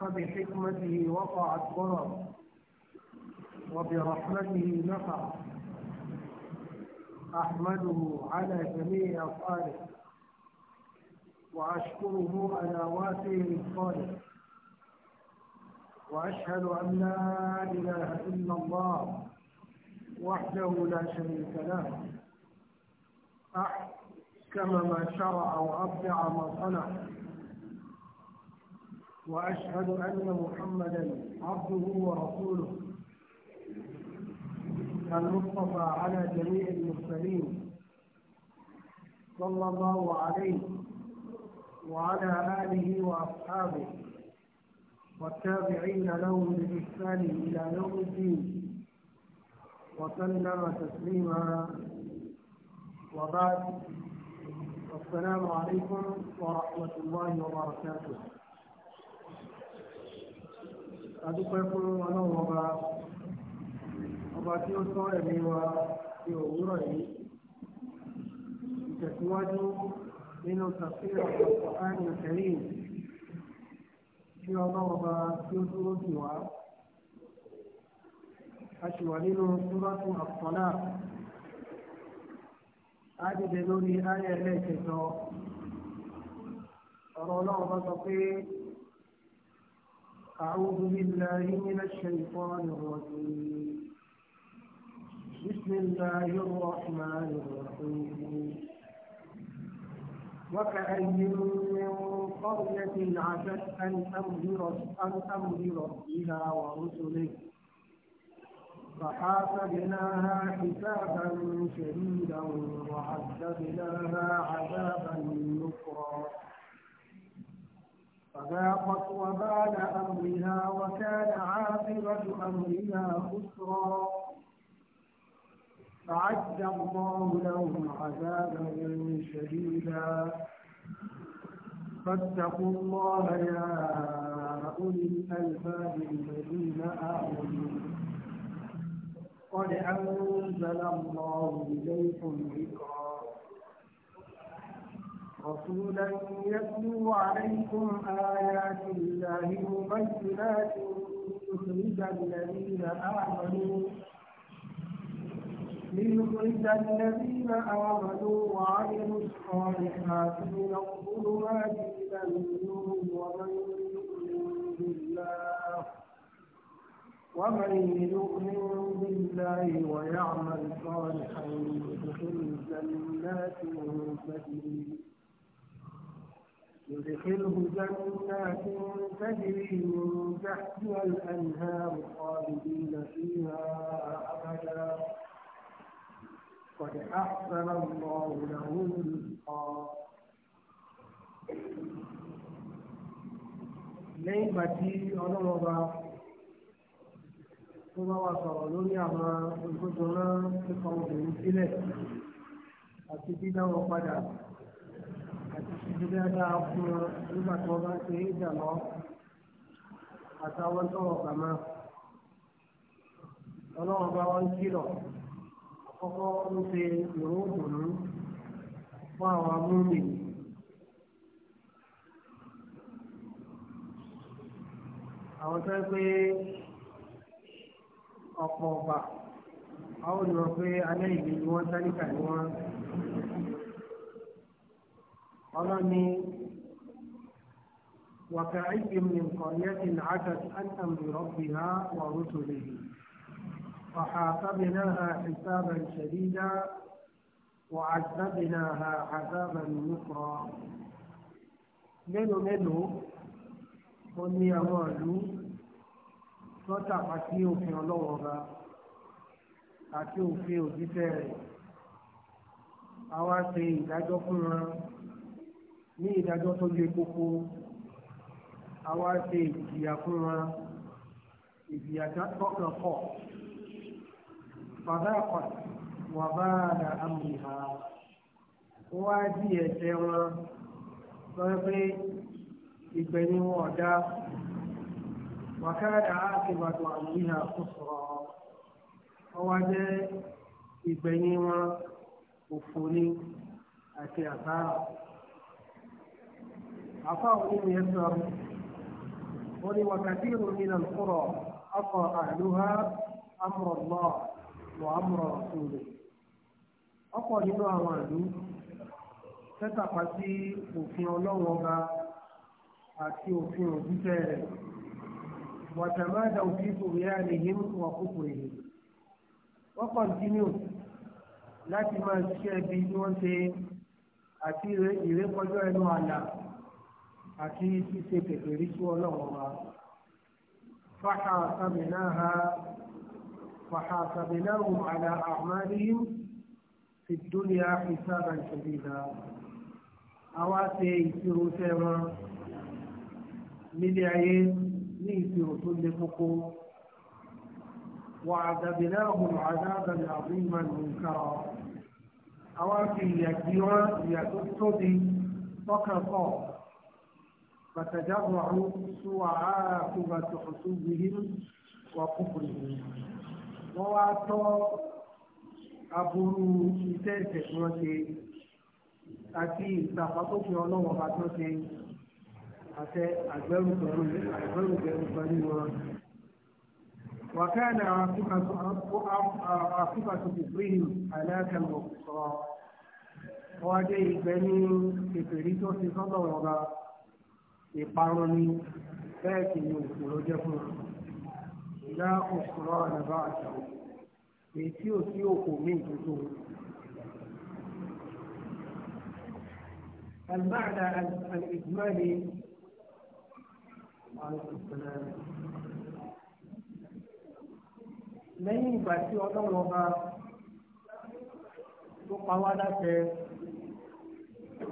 فبحكمته وقعت ضرر وبرحمته نفع أحمده على جميع أفعاله وأشكره على واسع الصالح وأشهد أن لا إله إلا الله وحده لا شريك له أحكم ما شرع وأبدع ما صنع وأشهد أن محمدا عبده ورسوله المصطفى على جميع المرسلين صلى الله عليه وعلى آله وأصحابه والتابعين لهم بإحسان إلى يوم الدين وسلم تسليما وبعد السلام عليكم ورحمة الله وبركاته adúpẹ́ fún ọlọ́run ọba ọba tí ó sọ ẹ̀mí wa ní òwúrọ̀ yìí ìtẹ̀síwájú nínú tafsir al-Qur'an al-Karim tí ọlọ́run ọba tí ó dúró jù wá a sì wà nínú súrọ́tù àkọ́lá á lórí ayẹyẹ lẹ́ẹ̀kẹjọ ọ̀rọ̀ ọlọ́run ọba sọ pé. أعوذ بالله من الشيطان الرجيم بسم الله الرحمن الرحيم وكأي من قرية عتت أن أمر أن أمر ربها ورسله فحاسبناها حسابا شديدا وعذبناها عذابا نكرا فذاقت وبال أمرها وكان عاقبة أمرها خسرا أعد الله لهم عذابا شديدا فاتقوا الله يا أولي الألباب الذين آمنوا قد أنزل الله إليكم ذكرا رسولا يتلو عليكم آيات الله مبينات ليخرج الذين آمنوا ليخرج الذين آمنوا وعملوا الصالحات من الظلمات إلى النور ومن يؤمن بالله ومن يؤمن بالله ويعمل صالحا يدخل من تجري يدخله جنات تجري من تحتها الأنهار خالدين فيها أبدا قد أحسن الله له رزقا lẹ́yìn ìgbà tí ọlọ́run ọba tó bá wà sọ̀rọ̀ lórí àwọn ìgbójọ náà nípa obìnrin sílẹ̀ àti dídáwọn padà e dáadáa fún ọ nígbà tí wọ́n bá ń ṣe ìjà lọ àtàwọn tó kàmá. ọlọ́run bá wọn kìlọ̀ àkọ́kọ́ ń ṣe ìró òdùnnú fún àwọn amúmi. àwọn ọlọ́ni وكأي من قرية عتت عن أمر ربها ورسله فحاسبناها حسابا شديدا وعذبناها عذابا نكرا mélòó mélòó ó ní àwọn ìlú tó tàpá sí òfin ọlọ́wọ́ àti òfin òjíṣẹ́ rẹ̀ àwa ṣe ìdájọ́ fún wọn ní ìdájọ́ tó le koko àwa ṣe ìjìyà fún wa ìjìyà tọkàn kọ bàbá ọkọ wà bá àdà amúhà ó wá di ẹsẹ wọn lọ pé ìgbẹ̀yìn wọn ọ̀dá wàkàrà àkèbàdàn àmúhà kò sọ̀rọ̀ ọ jẹ́ ìgbẹ̀yìn wọn òfò ni àti àbára. عطاء بن يسر قل وكثير من القرى عصى أهلها أمر الله وأمر رسوله أقوى nínú àwọn ìlú tẹ́tàpá sí òfin ọlọ́run ọba àti òfin òjíṣẹ́ rẹ̀ wàtàmáàdà òfin kòríà nìyẹn wà kókò èyí wọ́n kọ̀ǹtínú láti máa ṣiṣẹ́ bí wọ́n ṣe àti ìrékọjọ́ ẹnu àlà àti ṣíṣe kékeré sí ọlọ́run wa fàṣàṣàbìnáha fàṣàṣàbìnáhùn àlà àmàlíyù fi dúnìá ìsára ìṣèlérà àwa ṣe ìṣirò iṣẹ́ wọn nílé ayé ní ìṣirò tó le kókó وعذبناهم عذابا عظيما منكرا àwọn fi ìyà فتجرعوا سوء عاقبة حسوبهم وكفرهم وواتوا aburú iṣẹ́ ìṣẹ̀ tí wọ́n ṣe àti ìtàpátófin ọlọ́wọ́ bá tó ṣe àtẹ àgbẹrùgbẹrù pẹ̀lú wọn. وكان عاقبة كفرهم هلاك المبصرة. wọ́n á dé ìgbẹ́ ní ìpèrí tó ti sọ́dọ̀ ọ̀gá ìparun ni bẹ́ẹ̀ sì ni òṣòro jẹ́ fún wọn. ìdá òṣòro àdàbà àṣà èyí tí ò sí òkò míì tuntun. المعنى الإجمالي عليكم السلام lẹ́yìn ìgbà tí ọlọ́run ọba tó pa wá láṣẹ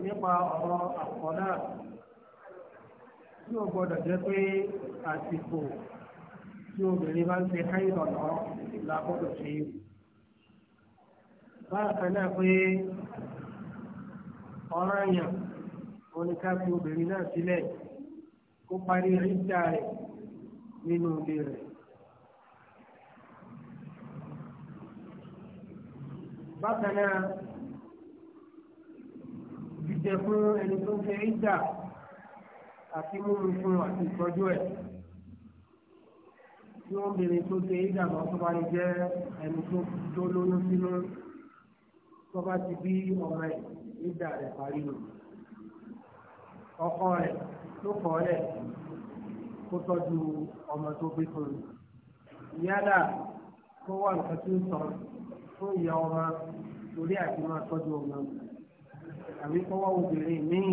nípa ọ̀rọ̀ àkọ́dá tí o gbọdọ̀ jẹ́ pé àsìkò tí obìnrin bá ń ṣe káyọ̀ lọ làbọ̀dọ̀ ṣe é. bákan náà pé ọ̀rọ̀ àyàn oníká fi obìnrin náà sílẹ̀ kó parí rídà rẹ̀ nínú ilé rẹ̀. bákan náà jíjẹ fún ẹni tó ń ṣe rídà àti mímu fún àti ìtọ́jú ẹ̀ tí wọ́n bèrè tó ṣe ìdàgbà tó bá lè jẹ́ ẹni tó lóyún sínú tó bá ti bí ọmọ ẹ̀ ìdà rẹ̀ parí nù. ọkọ rẹ̀ ló kọ́ lẹ̀ kó tọ́jú ọmọ tó gbé fún un. yálà kó wà nǹkan tí ó sọ fún ìyá ọmọ torí àti máa tọ́jú ọmọ àbí kó obìnrin míì.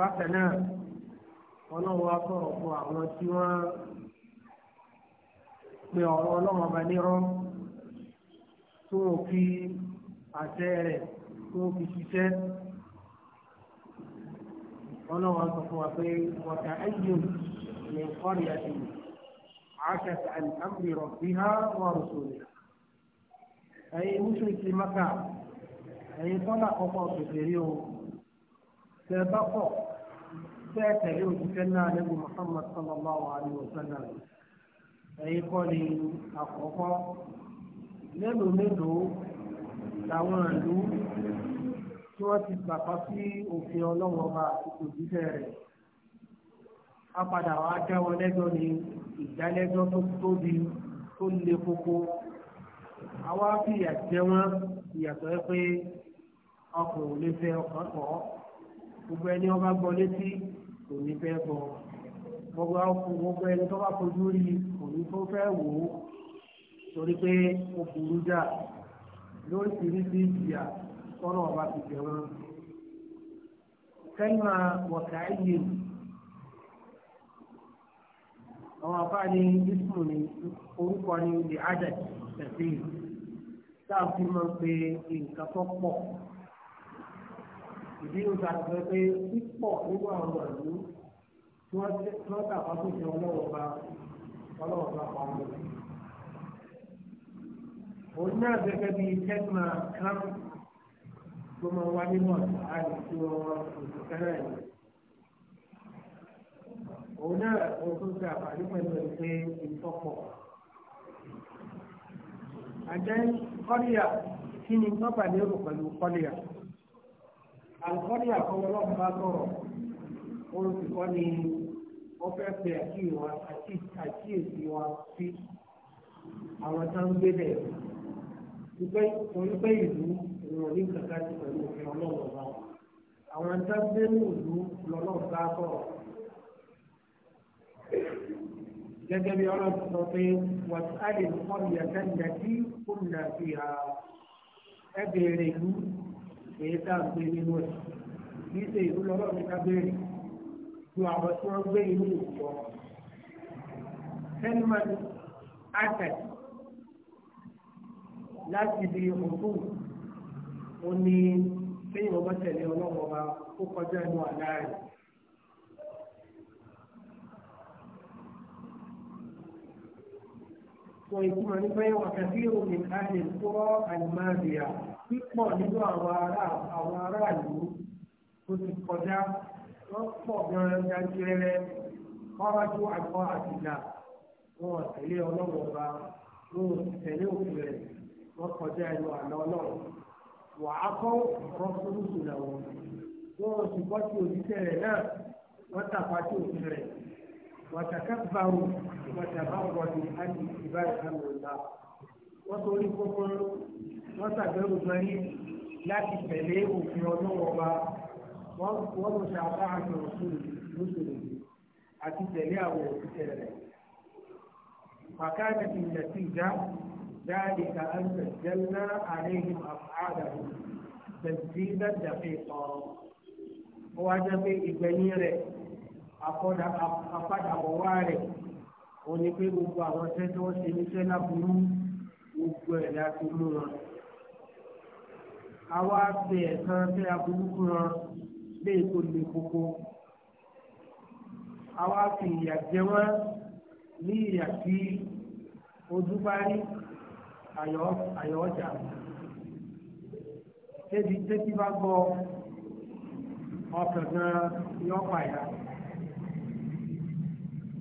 bákan náà ọlọ́run wa sọ̀rọ̀ fún àwọn tí wọ́n pe ọ̀rọ̀ ọlọ́run ọba nírọ́ tó o fi àṣẹ rẹ̀ tó o fi ṣiṣẹ́ ọlọ́run wa sọ fún wa pé wọ́tà ẹ̀yìn ní kọ́rì àti عكس عن أمر ربها fẹ́ tẹ̀lé òṣìṣẹ́ náà lẹ́gbẹ̀ẹ́ Muhammad sallallahu alayhi wa sallam ẹ̀yin kọ́ ni àkọ́kọ́ mélòó mélòó làwọn ìlú tí wọ́n ti gbàgbọ́ sí òfin ọlọ́wọ́ ọba àti òjíṣẹ́ rẹ̀ a padà wá jẹ́ wọn lẹ́jọ́ ni ìdálẹ́jọ́ tó tóbi tó le koko àwa fi ìyà jẹ wọn ìyàtọ̀ ẹ pé ọkùnrin ò lè fẹ́ ọkàn kọ́ gbogbo ẹni ọba gbọ́ létí kò fẹ́ bọ̀ gbogbo àwọn gbogbo ẹni tó bá fojú rí kò tó fẹ́ wò ó torí pé ó burú jà lóríṣiríṣi ìjìyà tọ́nà ọba ti jẹ wọn. wọ̀ká iye àwọn afáàní ismu ni orúkọ ni the adad tẹ̀sí tá a fi máa ń pe nǹkan tó pọ̀ ìbínú sára fẹ́ pé pípọ̀ nínú àwọn ìlú tí wọ́n tàbá tó ṣe ọlọ́wọ́ bá ọlọ́wọ́ bá pa wọn. òun náà gẹ́gẹ́ bí tẹ́gbà kan tó máa wá nínú ọ̀sán àti tí wọ́n wá oṣù kẹrẹ́ ẹ̀. òun náà òun tó ṣe àǹfààní pẹ̀lú ẹ̀ pé ìtọ́pọ̀. àjẹ́ kọ́líyà kí ni wọ́n bá lérò pẹ̀lú kọ́líyà àlùkọ́ni àkọ́wọ́ ọlọ́run bá sọ̀rọ̀ olùkọ́ ni wọ́n fẹ́ pe àkíyèsí wa sí àwọn tá ń gbé bẹ̀ wípé torí pé ìlú ìrọ̀rùn ní kankan ti pẹ̀lú òfin ọlọ́run ọba àwọn tá ń gbé ní ìlú lọ́lọ́run bá sọ̀rọ̀ gẹ́gẹ́ bí ọlọ́run sọ pé wọ́n á lè kọ́ ìyàtọ̀ ìyàtí kó nà sí ha ẹ ìlú èyí tá à ń gbé nínú ẹ̀ kì í ṣe ìlú lọ́wọ́ mi ká béèrè ju àwọn tí wọ́n gbé inú ìjọ. Tẹ́límọ̀nì Àtẹ̀ láti di òkú ó ní kéèyàn ọba tẹ̀lé ọlọ́wọ́ ọba ó kọjá inú àlá rẹ̀. ويكون لبيع كثير من أهل القرى الماضية pípọ̀ nínú àwọn ará àwọn ará ìlú tó ti kọjá wọ́n pọ̀ gan-an yanjẹrẹ fọ́nrájú àgbọ̀ àtìjà wọn tẹ̀lé ọlọ́wọ́ ọba wọn tẹ̀lé òfin rẹ̀ wọ́n kọjá ẹnu àná ọlọ́run wà á kọ́ rọ́sọ́rùsù náà wọn wọn sì gbọ́ sí òṣìṣẹ́ rẹ̀ náà wọ́n tàpá sí òfin rẹ̀ wàtàkàbàrò wàtàbàrò ni a ti ìbáyìí àmì ọ̀la wọ́n torí kókó wọ́n ṣàgbéró gan yín láti tẹ̀lé òfin ọlọ́wọ́ ọba wọ́n lọ ṣàpá àti òṣèlú lóṣèlú àti tẹ̀lé àwọn òṣìṣẹ́ rẹ̀. فكانت النتيجة ذلك أن سجلنا عليهم أفعالهم تسجيلا دقيقا وجب إبنيره أقول أقد أبواره onípe gbogbo àwọn tẹ́tọ́ ṣe níṣẹ́ láburú gbogbo ẹ̀ láti mú àwa pe ẹ̀kan tí a burúkú ran lé ètò lè koko àwa fi ìyà jẹ wọ́n ní ìyà tí ojú bá rí àyọ̀ ọjà tẹ́tí tẹ́tí bá gbọ́ ọkàn gan yọ pàyà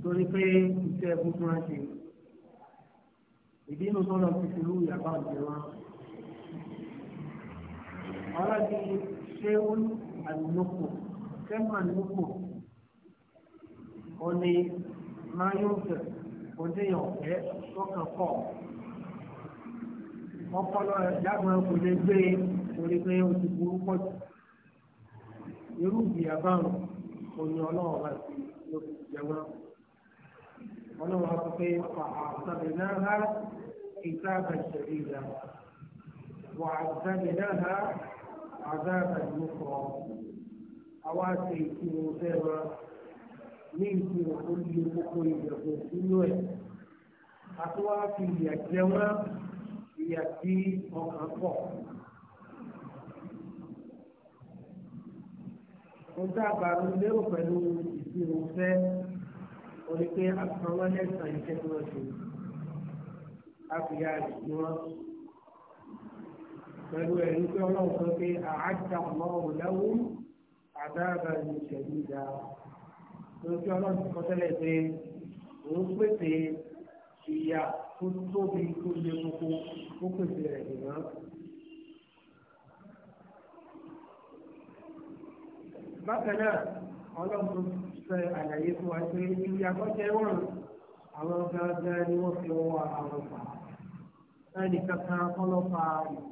torí pé iṣẹ́ gbogbo wọn ṣe ìdí inú tó lọ fi lú ìyàbá òjò wọn. ورد شيء النقو كما النقو قولي ما ينفق قولي يوفي سوكا فوق ọpọlọ ìdágbọn kò lè gbé e torí pé ó ti burú pọ̀ jù irú ìyá báwọn kò ní ọlọ́wọ́ bá ti fi jẹun ọlọ́wọ́ sọ pé فأعتبرناها عتابا شديدا وعذبناها عذاب النكرة أواسي في مسيرة níbi olè gbogbo ìyẹ̀wò sínú ẹ̀ àtúwá fi ìyà jẹ wọ́n ìyà tí ọkàn pọ̀. ohun tá a bá ń lérò pẹ̀lú ìṣirò fẹ́ o ní pé àtúnwá lẹ́sàn-án iṣẹ́ tí wọ́n ṣe àfihàn ìṣúná pẹ̀lú ẹ̀rí pé ọlọ́run sọ pé àádá ọlọ́run lẹ́wọ́ àdáàbà ní ìṣẹ̀lú ìdá pẹ̀lú pé ọlọ́run ti kọ́ tẹ́lẹ̀ pé òun pèsè ìyà tó tóbi tó lé koko ó pèsè rẹ̀ nìyẹn. bákan náà ọlọ́run sọ àlàyé fún wa pé ìyàgbọ́jẹ́ wọ̀n àwọn gangan ni wọ́n fi ọwọ́ àwọn fà ẹnì kankan kọlọ́fà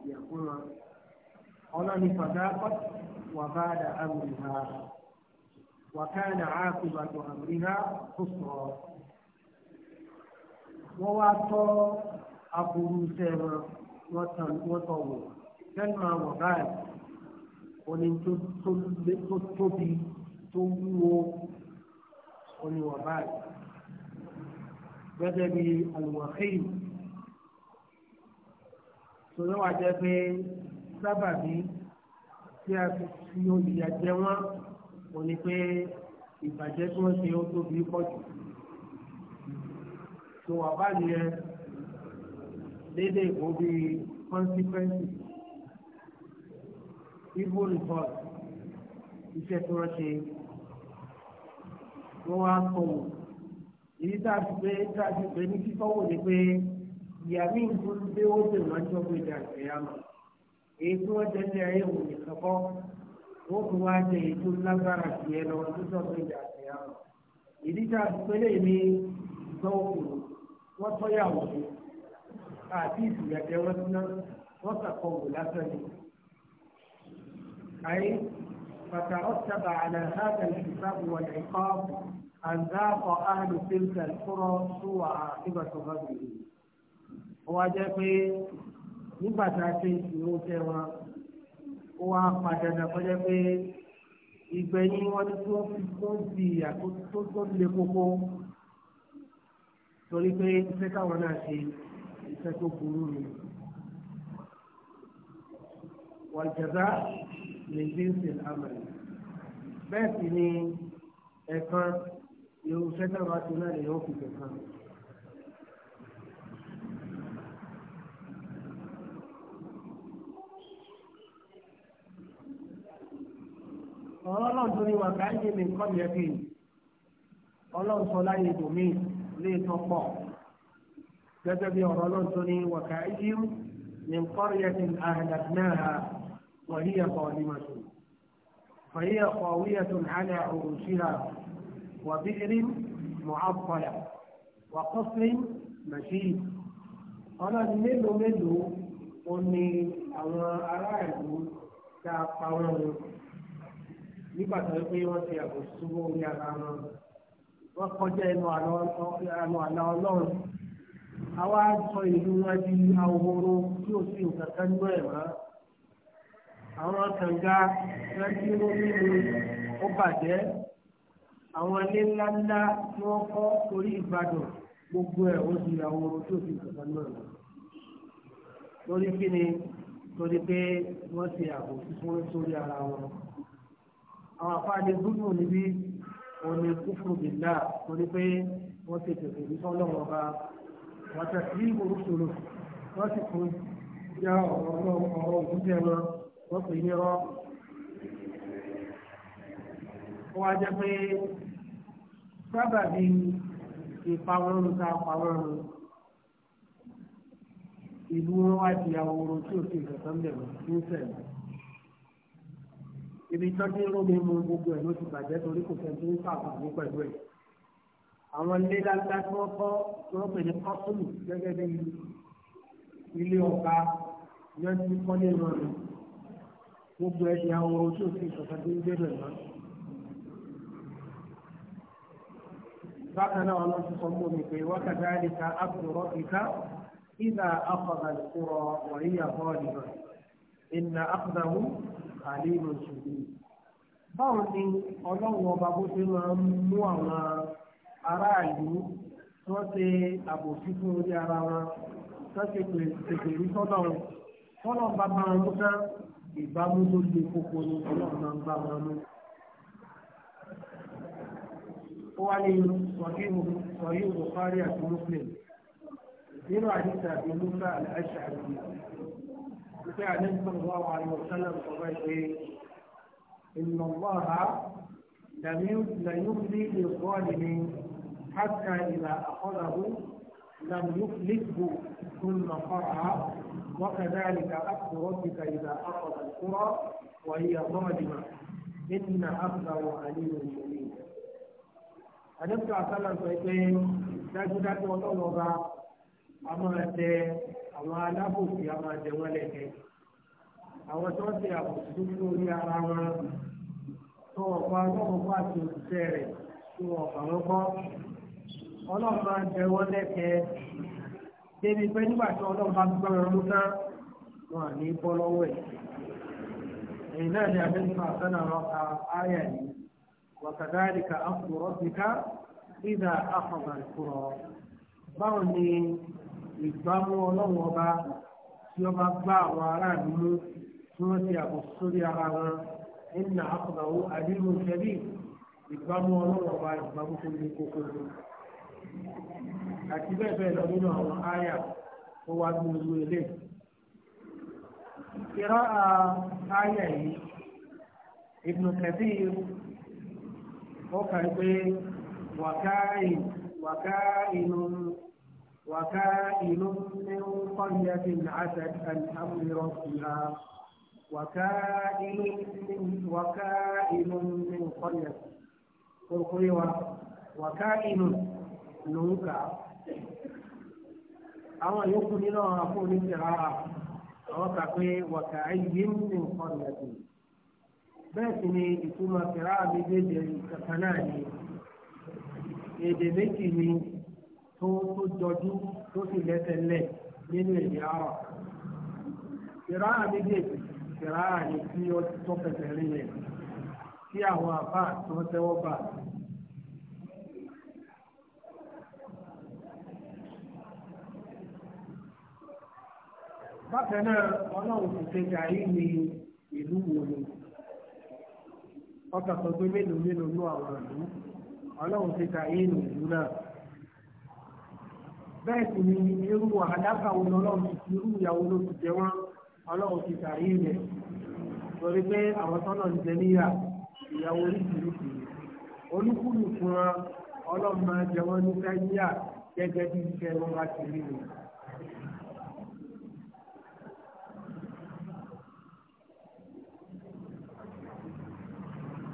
ìyà fún wa ọlọ́ni fàdákọ́ wà bá dà ámì ha wà káyà ákùbà tó àmì ha kó sọ̀rọ̀ wọ́n wá tọ́ aburú sẹ́wọ̀n wọ́n tọ̀ wọ̀ sẹ́nu àwọn báyìí oní tó tóbi tó wúwo oní wọ̀ báyìí gẹ́gẹ́ bí alùwàkìlì torí wàá jẹ́ pé sábàbí tí a fi olùyà jẹ wọ́n kò ní pé ìbàjẹ́ tí wọ́n ṣe ó tóbi pọ̀ jù. tó wà báyìí yẹ dédé ìbò bíi consequences evil report iṣẹ́ tí wọ́n ṣe wọ́n wá kọ̀wọ̀ èyí tá a ti pé tá a ti pé ní kíkọ́wò ni pé ìyá mi ń bú pé ó bè wọ́n jọ pé dà ẹ̀yà mọ̀ èyí tí wọ́n jẹ́ ní ayé òun nìkan kọ́ wọ́n tún wá jẹ èyí tó lágbára sí ẹ lọ tó jọ pé dà ẹ̀yà mọ̀ ìdí tá a pé lè ní gbọ́ọ̀kù wọ́n tọ́yàwó àti ìsìyàjẹ́ wọn síná wọ́n sàkọ̀wò lásán ni. أي فترتب على هذا الحساب والعقاب أن ذاق أهل تلك القرى سوء عاقبة غدرهم ó wá jẹ́ pé nígbà tá a ṣe ìṣòro tẹ wọn ó wá padà náà kọjá pé ìgbẹ̀yìn wọn ni tí wọ́n fi tó ń di àkóso tó le koko torí pé iṣẹ́ káwọn náà ṣe iṣẹ́ tó burú ni. wàjàdá lè dé ṣe àmàlẹ́ bẹ́ẹ̀ sì ni ẹ̀kan irú náà wá sí náà lè yọ̀ fi kẹ̀kan. ọ̀rọ̀ náà tó ní wà ká yé mi nǹkan yẹ kí ọlọ́run sọ láyé ìdòmí lè tó pọ̀ gẹ́gẹ́ bí ọ̀rọ̀ náà tó ní wà ká yé mi nǹkan yẹ kí àhàdàdìmáà wà ní ẹ̀kọ́ ọ̀dìmọ̀tò فهي قاوية على عروشها وبئر معطلة وقصر مشيد ọlọ́run mélòó mélòó ó ní àwọn aráàlú tá a pa wọ́n run nígbà tó ń pé wọ́n ti àbòsúwò orí ara wọn wọ́n kọjá ẹnu àná ọlọ́run àwa sọ ìlú wọn di ahoro tí ó sì nǹkan kan nú ẹ̀ mọ́ àwọn kànga rántí wọn nínú ó bàjẹ́ àwọn ilé ńláńlá tí wọ́n kọ́ torí ìbàdàn gbogbo ẹ̀ ó di ahoro tí ó sì nǹkan kan nú ẹ̀ mọ́ lórí kí ni torí pé wọ́n ti àbòsí fún sórí ara wọn àwọn àfáàdé dúdú níbí òní kúfùrù bìlá torí pé wọ́n ti tètè rí sọ́lọ́ wọn bá wọ́n ti rí orúkúrò wọ́n ti kún já ọ̀rọ̀ ọ̀rọ̀ òkúté wọn wọ́n pè ní rọ́. ó wá jẹ́ pé sábàbí ìpawọ́rùn tá a pawọ́rùn ìlú wọn wá di àwòrán tí ò sí ìgbà tó ń bẹ̀rẹ̀ ní sẹ́yìn ibi tó dín lómi mu gbogbo ẹ̀ ló ti bàjẹ́ torí kò fẹ́ tó ń fàǹfààní pẹ̀lú ẹ̀. àwọn ilé dáadáa tí wọ́n kọ́ tí wọ́n pè ní kọ́sùmù gẹ́gẹ́ bí ilé ọba yẹn ti kọ́ ní ìrọ̀rùn gbogbo ẹ̀ di àwọn ojú òfin ìṣọ̀kan tó ń gbé náà. bákan náà wọn ti sọ fún mi pé wákàtí àdìka àkùrọ̀ ìka ìdá àkọ̀dà ìkúrọ̀ wọ̀nyí àlejò ṣùgbọ́n báwo ni ọlọ́run ọba bó ṣe máa ń mú àwọn aráàlú tí wọ́n ṣe àbòsí fún orí ara wọn tí wọ́n ṣe pèsè rí sọ́dọ̀ wọn tọ́lọ́ bá bá wọn mú tán ìbámu tó le koko ni ọlọ́run máa ń bá wọn mú. ó wá ní sọ̀yí olùkárí àti muslim nínú àdìsá àti musa àti aṣáájú ìpè àdéhùn wà wà ní òṣèlú ọ̀gá ìpè ìnàmọ́ra lẹ́yìnbí lè bọ́ọ̀lì ní hàtà ìlà àkọ́dàbù lẹ́yìnbílẹ́gbò tó ń nàkọ́ra وكذلك أخذ ربك إذا أخذ القرى وهي ظالمة إن أخذه أليم شديد àdébùtà sálà sọ pé dájúdájú ọlọ́lọ́ba a máa tẹ àwọn alábòsí a máa jẹ wọ́n lẹ́kẹ́ àwọn tó ń ṣe àbòsí tó lórí ara wọn tó ọ̀pá ọlọ́mọkọ́ àti òṣìṣẹ́ rẹ̀ tó ọ̀pá wọn kọ́ máa jẹ wọ́n lẹ́kẹ́ débi pé nígbà tí bá mú tán wọn à ní èyí náà ni àbẹ́ni yìí ka àkùrọ̀ ìdá báwo ìgbàmú ọlọ́run ọba tí ọba gbá àwọn aráàlú mú tí wọ́n ti àbò sórí ara wọn ẹ̀nà àkùnàwó àdínú ìṣẹ́bí ìgbàmú ọlọ́run ọba ìgbàmú tó ní kókó ló. àti bẹ́ẹ̀ bẹ́ẹ̀ lọ nínú àwọn àyà tó wá ní ìlú ilé. ìrọ̀ àyà yìí ibùdó kẹ̀sí ó pé wàkáì wàkáì nù. وكائن من قرية عتت عن أمر ربها وكائن من وكائن من قرية قرقيوة وكائن نوكا أو يكون لنا أقول قراءة أو كقي وكأي من قرية بأسني إتما قراءة بجد كفناني إذا بكني tó tó jọjú tó sì lẹ́sẹ̀lẹ̀ nínú èdè àrọ̀. ìrá méjèèjì ìrá àyè tí ó ti tó fẹsẹ̀ rí rẹ̀ tí àwọn àbá tó ń tẹ́wọ́ bà. bákan náà ọlọ́run kò ṣe gàrí ní ìlú wo ọkàn tó gbé mélòó mélòó ní àwọn ìlú ọlọ́run ṣe gàrí ní ìlú náà bẹ́ẹ̀ sì ni irú àdáka wo lọ́lọ́run ti fi irú ìyàwó ló ti jẹ wọ́n ọlọ́run ti tàrí ilẹ̀ torí pé àwọn tọ́nà ń jẹ níyà ìyàwó oríṣiríṣi olúkúlùkù wọn ọlọ́run máa jẹ wọ́n ní káyíyà gẹ́gẹ́ bí iṣẹ́ wọn bá ti rí ni.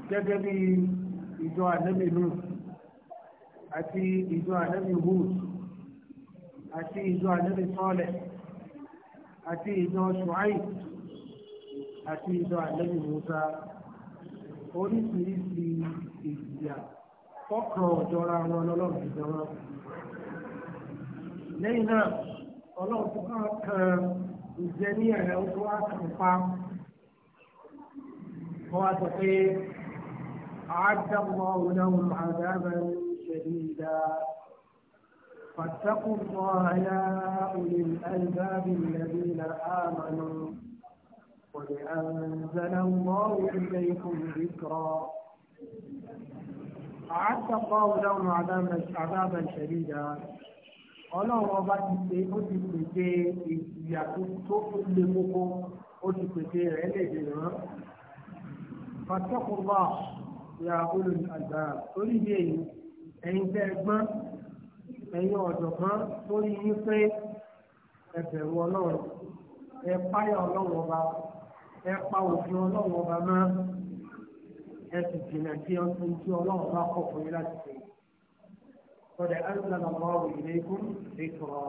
gẹ́gẹ́ bí ìjọ ànábì àti ìjọ ànábì àti ìjọ ànábì sọ́ọ̀lẹ̀ àti ìjọ ṣùáì àti ìjọ ànábì musa oríṣiríṣi ìjìyà fọ́kàn ọ̀jọ́ra wọn ọlọ́run ìjọba. lẹ́yìn náà ọlọ́run tó kàn kan ìjẹ ní ẹ̀rẹ́ ó tó wá kàn pa wọ́n wá sọ pé àádọ́gbọ̀n òun náà ń bá àgbà bẹ́ẹ̀ ṣẹ̀dí ìdá. فاتقوا الله يا أولي الألباب الذين آمنوا قد أنزل الله إليكم ذكرا أعد الله لهم عذابا شديدا ọlọ́run ọba ti ṣe ó ti pèsè ìyà tó le koko ó ti pèsè rẹ̀ léde rán fàtẹ́kùnbà ya olùdàgbà orí bí èyí ẹ̀yin tẹ́ ẹ gbọ́n ẹ̀yin ọ̀jọ̀gbọ́n lórí yín pé ẹ bẹ̀rù ọlọ́run ẹ páyà ọlọ́run ọba ẹ pa òfin ọlọ́run ọba mọ́ ẹ sì jìnnà sí ọtún tí ọlọ́run bá kọ̀ fún yín láti ṣe. ọ̀dẹ̀ ẹ̀rọ̀dàlà máa wò ilé ikú lè sọ̀rọ̀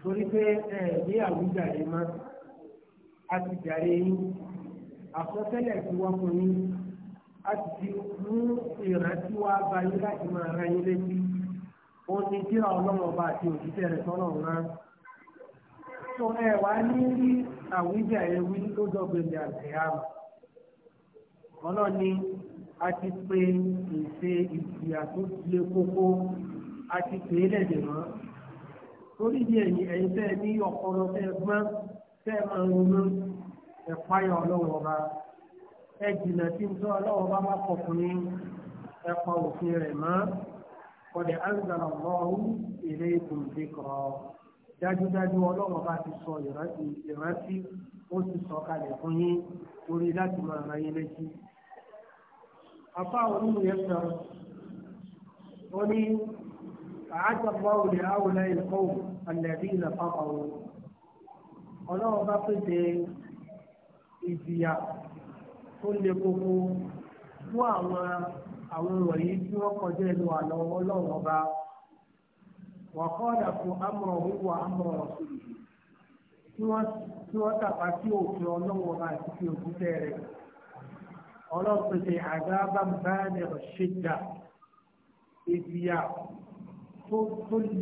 torí pé ẹ ní àwùjáde mọ́ a ti jàre yín àsọtẹ́lẹ̀ ti wá fún yín a ti mú ìrántí wá bá yín láti máa ra yín létí òun ti kíra ọlọ́run ọba àti òṣìṣẹ́ rẹ̀ tọ́lọ̀ rán. sọ ẹ wá ní rí àwíjà ewì tó dọ́gbẹ̀lẹ̀ àlẹ́yàmù. ọlọ́ni a ti pe ìṣe ìjìyà tó le kókó a ti pè é lẹ́dẹ̀ mọ́. torí bí ẹ̀yìn ẹ̀yìn bẹ́ẹ̀ ní ọpọlọ tẹ́ gbọ́n tẹ́ máa ń ronú ẹ̀páyà ọlọ́run ọba ẹ jìnnà tí ń tọ́ ọlọ́run ọba má kọkùnrin ẹ̀pà òfin rẹ̀ mọ́ kọ̀dẹ̀ anzala Allahu ilaykum dhikra dájúdájú ọlọ́run bá ti sọ ìrántí ó ti sọ kalẹ̀ fún yín torí láti máa ra yín létí. afa onímù yẹn sọ ó ní àájọ bọ́ọ̀ lè áwòlá ìkọ́ àlẹ́bí ìlà pápá o ọlọ́run bá pèsè ìjìyà tó le koko fún àwọn àwọn wọ̀nyí tí wọ́n kọjá ẹnu àná ọlọ́run ọba wọ́n kọ́ dàpọ̀ amọ̀ràn wíwọ amọ̀ràn ọ̀sùn tí wọ́n tàpá sí òfin ọlọ́run ọba àti fi òkútẹ́ rẹ̀ ọlọ́run pèsè àdáàbà báyìí ọ̀ṣẹ́jà ìdíyà tó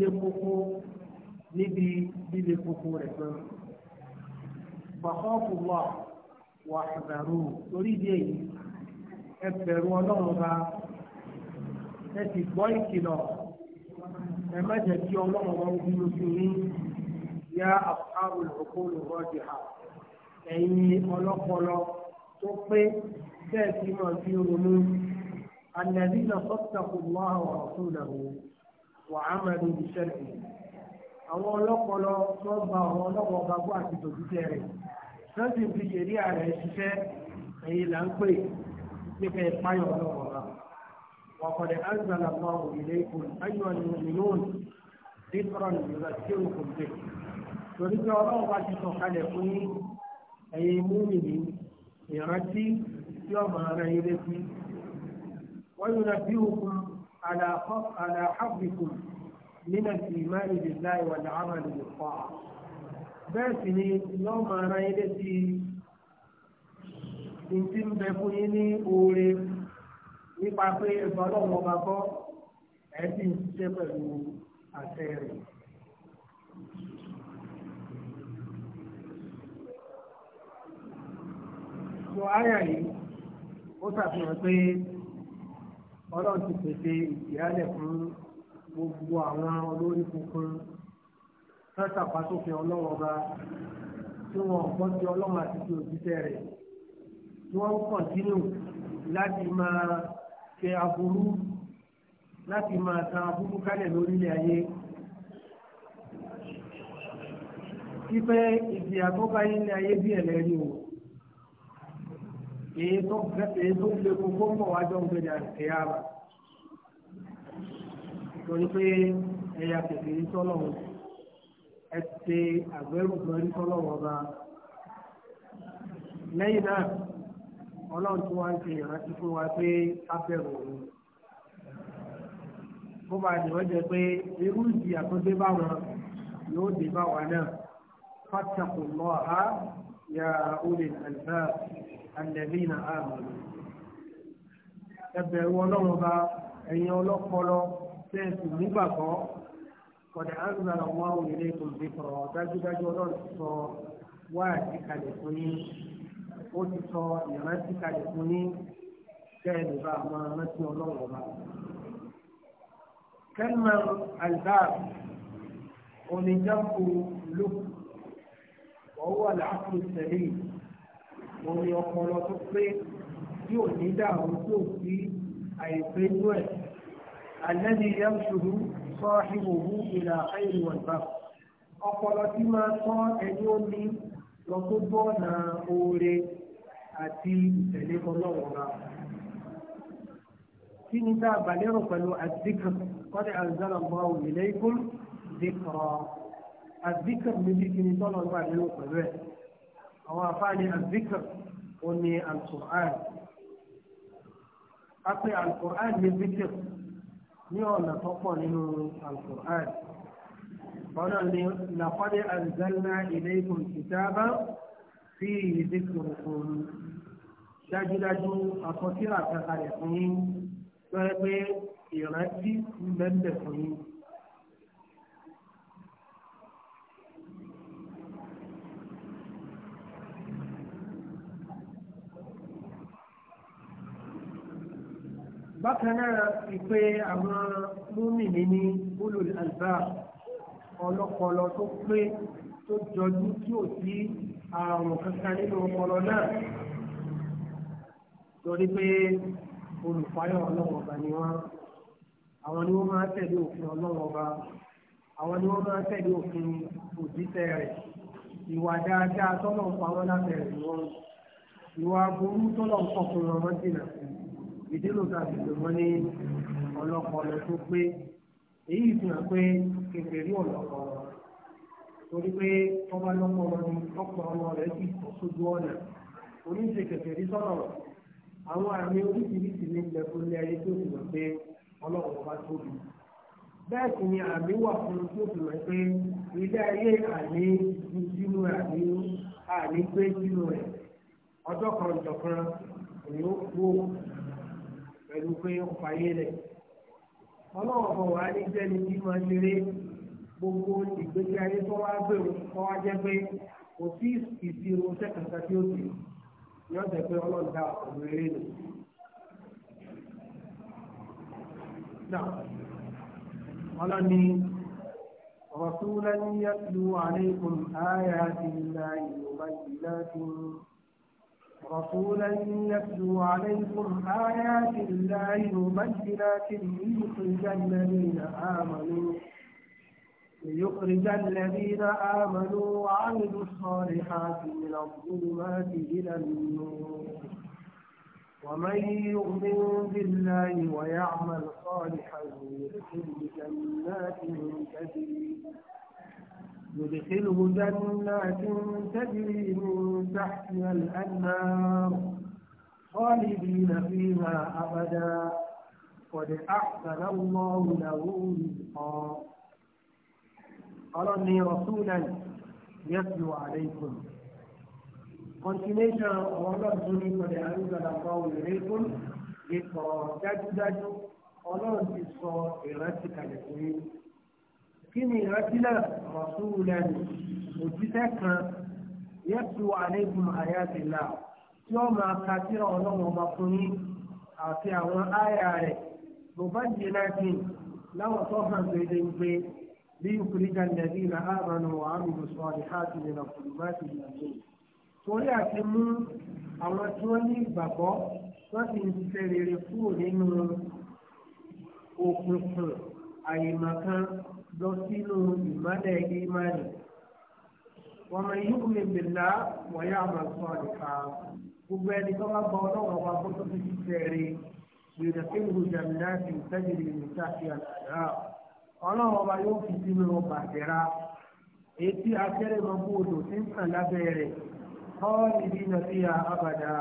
lè koko níbi líle koko rẹ̀ gan. Bàkọ́ kò wà wà ẹ bẹ̀rù ọlọ́run bá ẹ sì gbọ́ ìkìlọ̀ ẹ má jẹ́ kí ọlọ́run wọn bínú sí yín yá àpárò òkúrò rọ́ọ̀dì hà ẹ̀yin ọlọ́pọlọ tó pé bẹ́ẹ̀ tí mo fi ronú ànàbí náà sọ́tàkù lọ́wọ́ ọ̀tún náà wà á máa lóbi sẹ́lẹ̀ àwọn ọlọ́pọlọ tó ń ba àwọn ọlọ́wọ́ ọba àti tòjútẹ́ rẹ̀ lọ́sìn fi ṣèlérí ààrẹ ṣiṣẹ́ ẹ̀yin là ń pè é. كيف يقايو الله وقد أنزل الله إليكم أيها المؤمنون ذكرا يذكركم به torípé ọlọ́run bá ti sọ̀kalẹ̀ fún ẹ̀yin múmìnì ìrántí tí ọmọ rẹ̀ yé létí. wọ́n yóò rà bí òkun àlàáfíìkù nínú ìmọ̀ ìdílá ìwà làwọn ènìyàn kọ́. bẹ́ẹ̀ sì ni yọ́ọ̀mọ̀ rẹ̀ yé létí ntí ń bẹ fún yín ní oore nípa pé ẹgbẹ́ ọlọ́run ọba kọ́ ẹ sì ń ṣiṣẹ́ pẹ̀lú àṣẹ rẹ̀. sọ àyà yìí ó ṣàfihàn pé ọlọ́run ti pèsè ìdíyàlẹ̀ fún gbogbo àwọn olórí funfun tọ́tàpá sófin ọlọ́run ọba tí wọn ò gbọ́ sí ọlọ́run àti ti òjíṣẹ́ rẹ̀ tí wọ́n ń kọ̀tínù láti máa ṣe aburú láti máa tan aburú kálẹ̀ lórílẹ̀ ayé. Fífẹ́ ìjìyà tó bá yín ní ayé bí ẹ̀lẹ́rìí o. Èyí tó le koko ń bọ̀ wájọ́ ń gbẹ̀dẹ̀ àtẹ̀yà rà. Torí pé ẹ̀yà kẹ̀kẹ́ ń tọ́lọ̀ wọn ẹ ti àgbẹ̀rù kan ń tọ́lọ̀ wọn bá. Lẹ́yìn náà ọlọ́run tí wọ́n ń ṣe ìrántí fún wa pé a bẹ̀rù òun kó bá lè wọ́n jẹ pé irú ìjìyà tó dé bá wọn yóò dé bá wa náà fàtàkù lọ ha ya olè àlùbá àlẹ́bí na àmọ́ ẹbẹ̀rù ọlọ́run bá ẹ̀yin ọlọ́pọlọ tẹ́ẹ̀sì nígbàgbọ́ kọ̀dà àrùbára wọn ò lè fi sọ̀rọ̀ dájúdájú ọlọ́run sọ wáàdí kalẹ̀ fún yín ó ti sọ ìrántí kalẹ̀ fún ní kẹ́ẹ̀lì bá a máa rántí ọlọ́run ọba. kẹ́lìmọ̀ albaab oníjàpọ̀ lóko ọwọ́ làákùn sẹ́lẹ̀ òní ọpọlọ tó pé tí ò ní dàrú tó fi àìpé tó ẹ̀ alẹ́ni yẹ́mṣùrú sọ́ọ́hìmùhù ìlà àìrìwọ̀nba ọpọlọ tí máa tọ́ ẹni ó ní lọ tó gbọ́ na oore àti ìtẹ̀lé ọlọ́wọ́ ra. kí ni tá a gbà lérò pẹ̀lú àdìkà kọ́ni àzọ́nà mọ́ òmìnira ikún dìkọ̀ọ́ àdìkà méjì kí ni tọ́lọ̀ gbà lérò pẹ̀lú ẹ̀. àwọn afáàní àdìkà ó ní àlùkùrán. a pe àlùkùrán ní dìkà ní ọ̀nà tó pọ̀ nínú àlùkùrán. bọ́dọ̀ ni làkọ́ni àzọ́nà ilé ikún kìtàbá sí ìdíkùrùkùn dájúdájú àkọsílẹ̀ àkàkalẹ̀ fún yín tó yẹ pé ìrántí ń bẹ́ẹ̀ fún yín. bákan náà ìpè àwọn múmìnì ní olùlù àlùbá ọlọ́pọlọ tó pé tó jọjú tí ò sí àrùn kankan nínú ọpọlọ náà torí pé olùfáyọ̀ ọlọ́wọ́ ọba ni wọ́n àwọn ni wọ́n máa tẹ̀lé òfin ọlọ́wọ́ ọba àwọn ni wọ́n máa tẹ̀lé òfin òjíṣẹ́ rẹ̀ ìwà dáadáa tọ́lọ̀ ń pa wọ́n lábẹ́rẹ̀ ni wọ́n ìwà burú tọ́lọ̀ ń pọ̀ fún wọn wọ́n dìnà ìdílò tàbí ìdòmọ́ ní ọlọ́pọlọ tó pé èyí fi hàn pé kékeré ọ̀lọ́pọlọ torí pé ọmọ lọ́mọ ọmọ ọkọ̀ ọmọ rẹ̀ sì kọ́ sójú ọ̀nà oníṣe kẹ̀kẹ́ rí sọ̀rọ̀ àwọn àmì oríṣiríṣi ní ilẹ̀ fún ilé ayé tó fi hàn pé ọlọ́run ọba tóbi bẹ́ẹ̀ sì ni àmì wà fún tó fi hàn pé ilé ayé àní sínú àní àní gbé sínú rẹ̀ ọjọ́ kan jọ̀kan ni ó kú pẹ̀lú pé ó fàyè rẹ̀ ọlọ́run ọba wà ní jẹ́ni bí máa ṣeré gbogbo ìgbésí ayé tó wá gbèrò kọ́ wá jẹ́ pé kò sí ìṣirò sẹ́kàǹkà tí ó sì yọ̀ jẹ́ pé ọlọ́ọ̀dà ọ̀rọ̀ eré nù. ọlọ́ni rọ̀túlẹ̀ ní yẹ́tù àlékún ayé àdìlá ìlúbà ìlẹ́tù رسولا يتلو عليكم آيات الله مبينات ليخرج الذين آمنوا ليخرج الذين آمنوا وعملوا الصالحات من الظلمات إلى النور ومن يؤمن بالله ويعمل صالحا يدخله جنات تجري يدخله جنات تجري من تحتها الأنهار خالدين فيها أبدا قد أحسن الله له رزقا ọlọ́run ní rọ̀túnà yẹ́sùn àlẹ́kùn. continuation ọlọ́run tó ní sọ̀rọ̀ àrùgbàdà kan òrèkùn ikọ̀ dájúdájú ọlọ́run ti sọ ìrántí kalẹ̀ fún yín. kí ni ìrántí náà rọ̀túnà òjíṣẹ́ kan yẹ́sùn àlẹ́kùn àyàtìlá tí ó máa ka síra ọlọ́run ọba fún yín àti àwọn áyà rẹ̀ bùbá jìnnà kí láwọn tó hàn gbẹdẹgbẹ. ليخرج الذين آمنوا وعملوا الصالحات من الظلمات إلى النور torí àti mú àwọn tí wọ́n ní ìgbàgbọ́ wọ́n sì ń ṣiṣẹ́ rere kúrò nínú òkùnkùn àyèmọ̀kan lọ sínú ìmọ̀lẹ̀ ìmọ̀lẹ̀ wọ́n máa yí kúmi bìlá wọ̀nyá àwọn sọ nìka gbogbo ẹni tó bá gbọ́ ọlọ́wọ́ wa kó tó fi ṣiṣẹ́ rere yóò dàpé ìhùjà mìíràn ti ń tẹ́jú ní ìmúta sí àlàyé ọlọ́run ọba yóò fi sínú ọgbà àdẹ́ra etí akérèmọ́kú odò tí ń sàn lábẹ́ rẹ̀ ọ́ọ̀lì nínú sí abàdà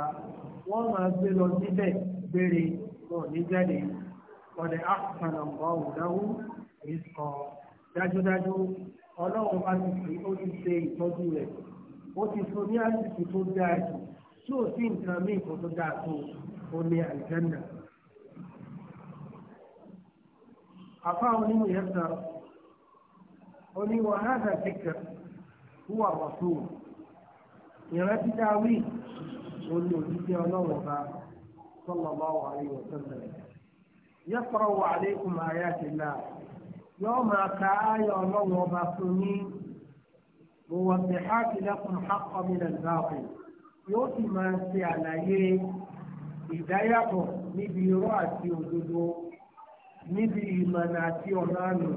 wọ́n máa gbé lọ síbẹ̀ gbére wọn ní jáde ọ̀dẹ̀ àkùnfànà ọ̀hún náwó ìsọ̀ dájúdájú ọlọ́run bá ti fi ó ti ṣe ìtọ́jú rẹ̀ ó ti fún ní àsìkò tó dáa jù tí ò sí nǹkan míì kan tó dáa tó o ní àìjẹ́ náà. أعطاه لميسر ولي وهذا الذكر هو الرسول يرد داوود والنبي الله صلى الله عليه وسلم يقرأ عليكم آيات الله يوم كآية الله وبصني موضحات لكم حق من الباطل يؤتي ما سي على إيه بدايته نبي رأسي níbi ìmọ̀nà àti ọ̀nà àmì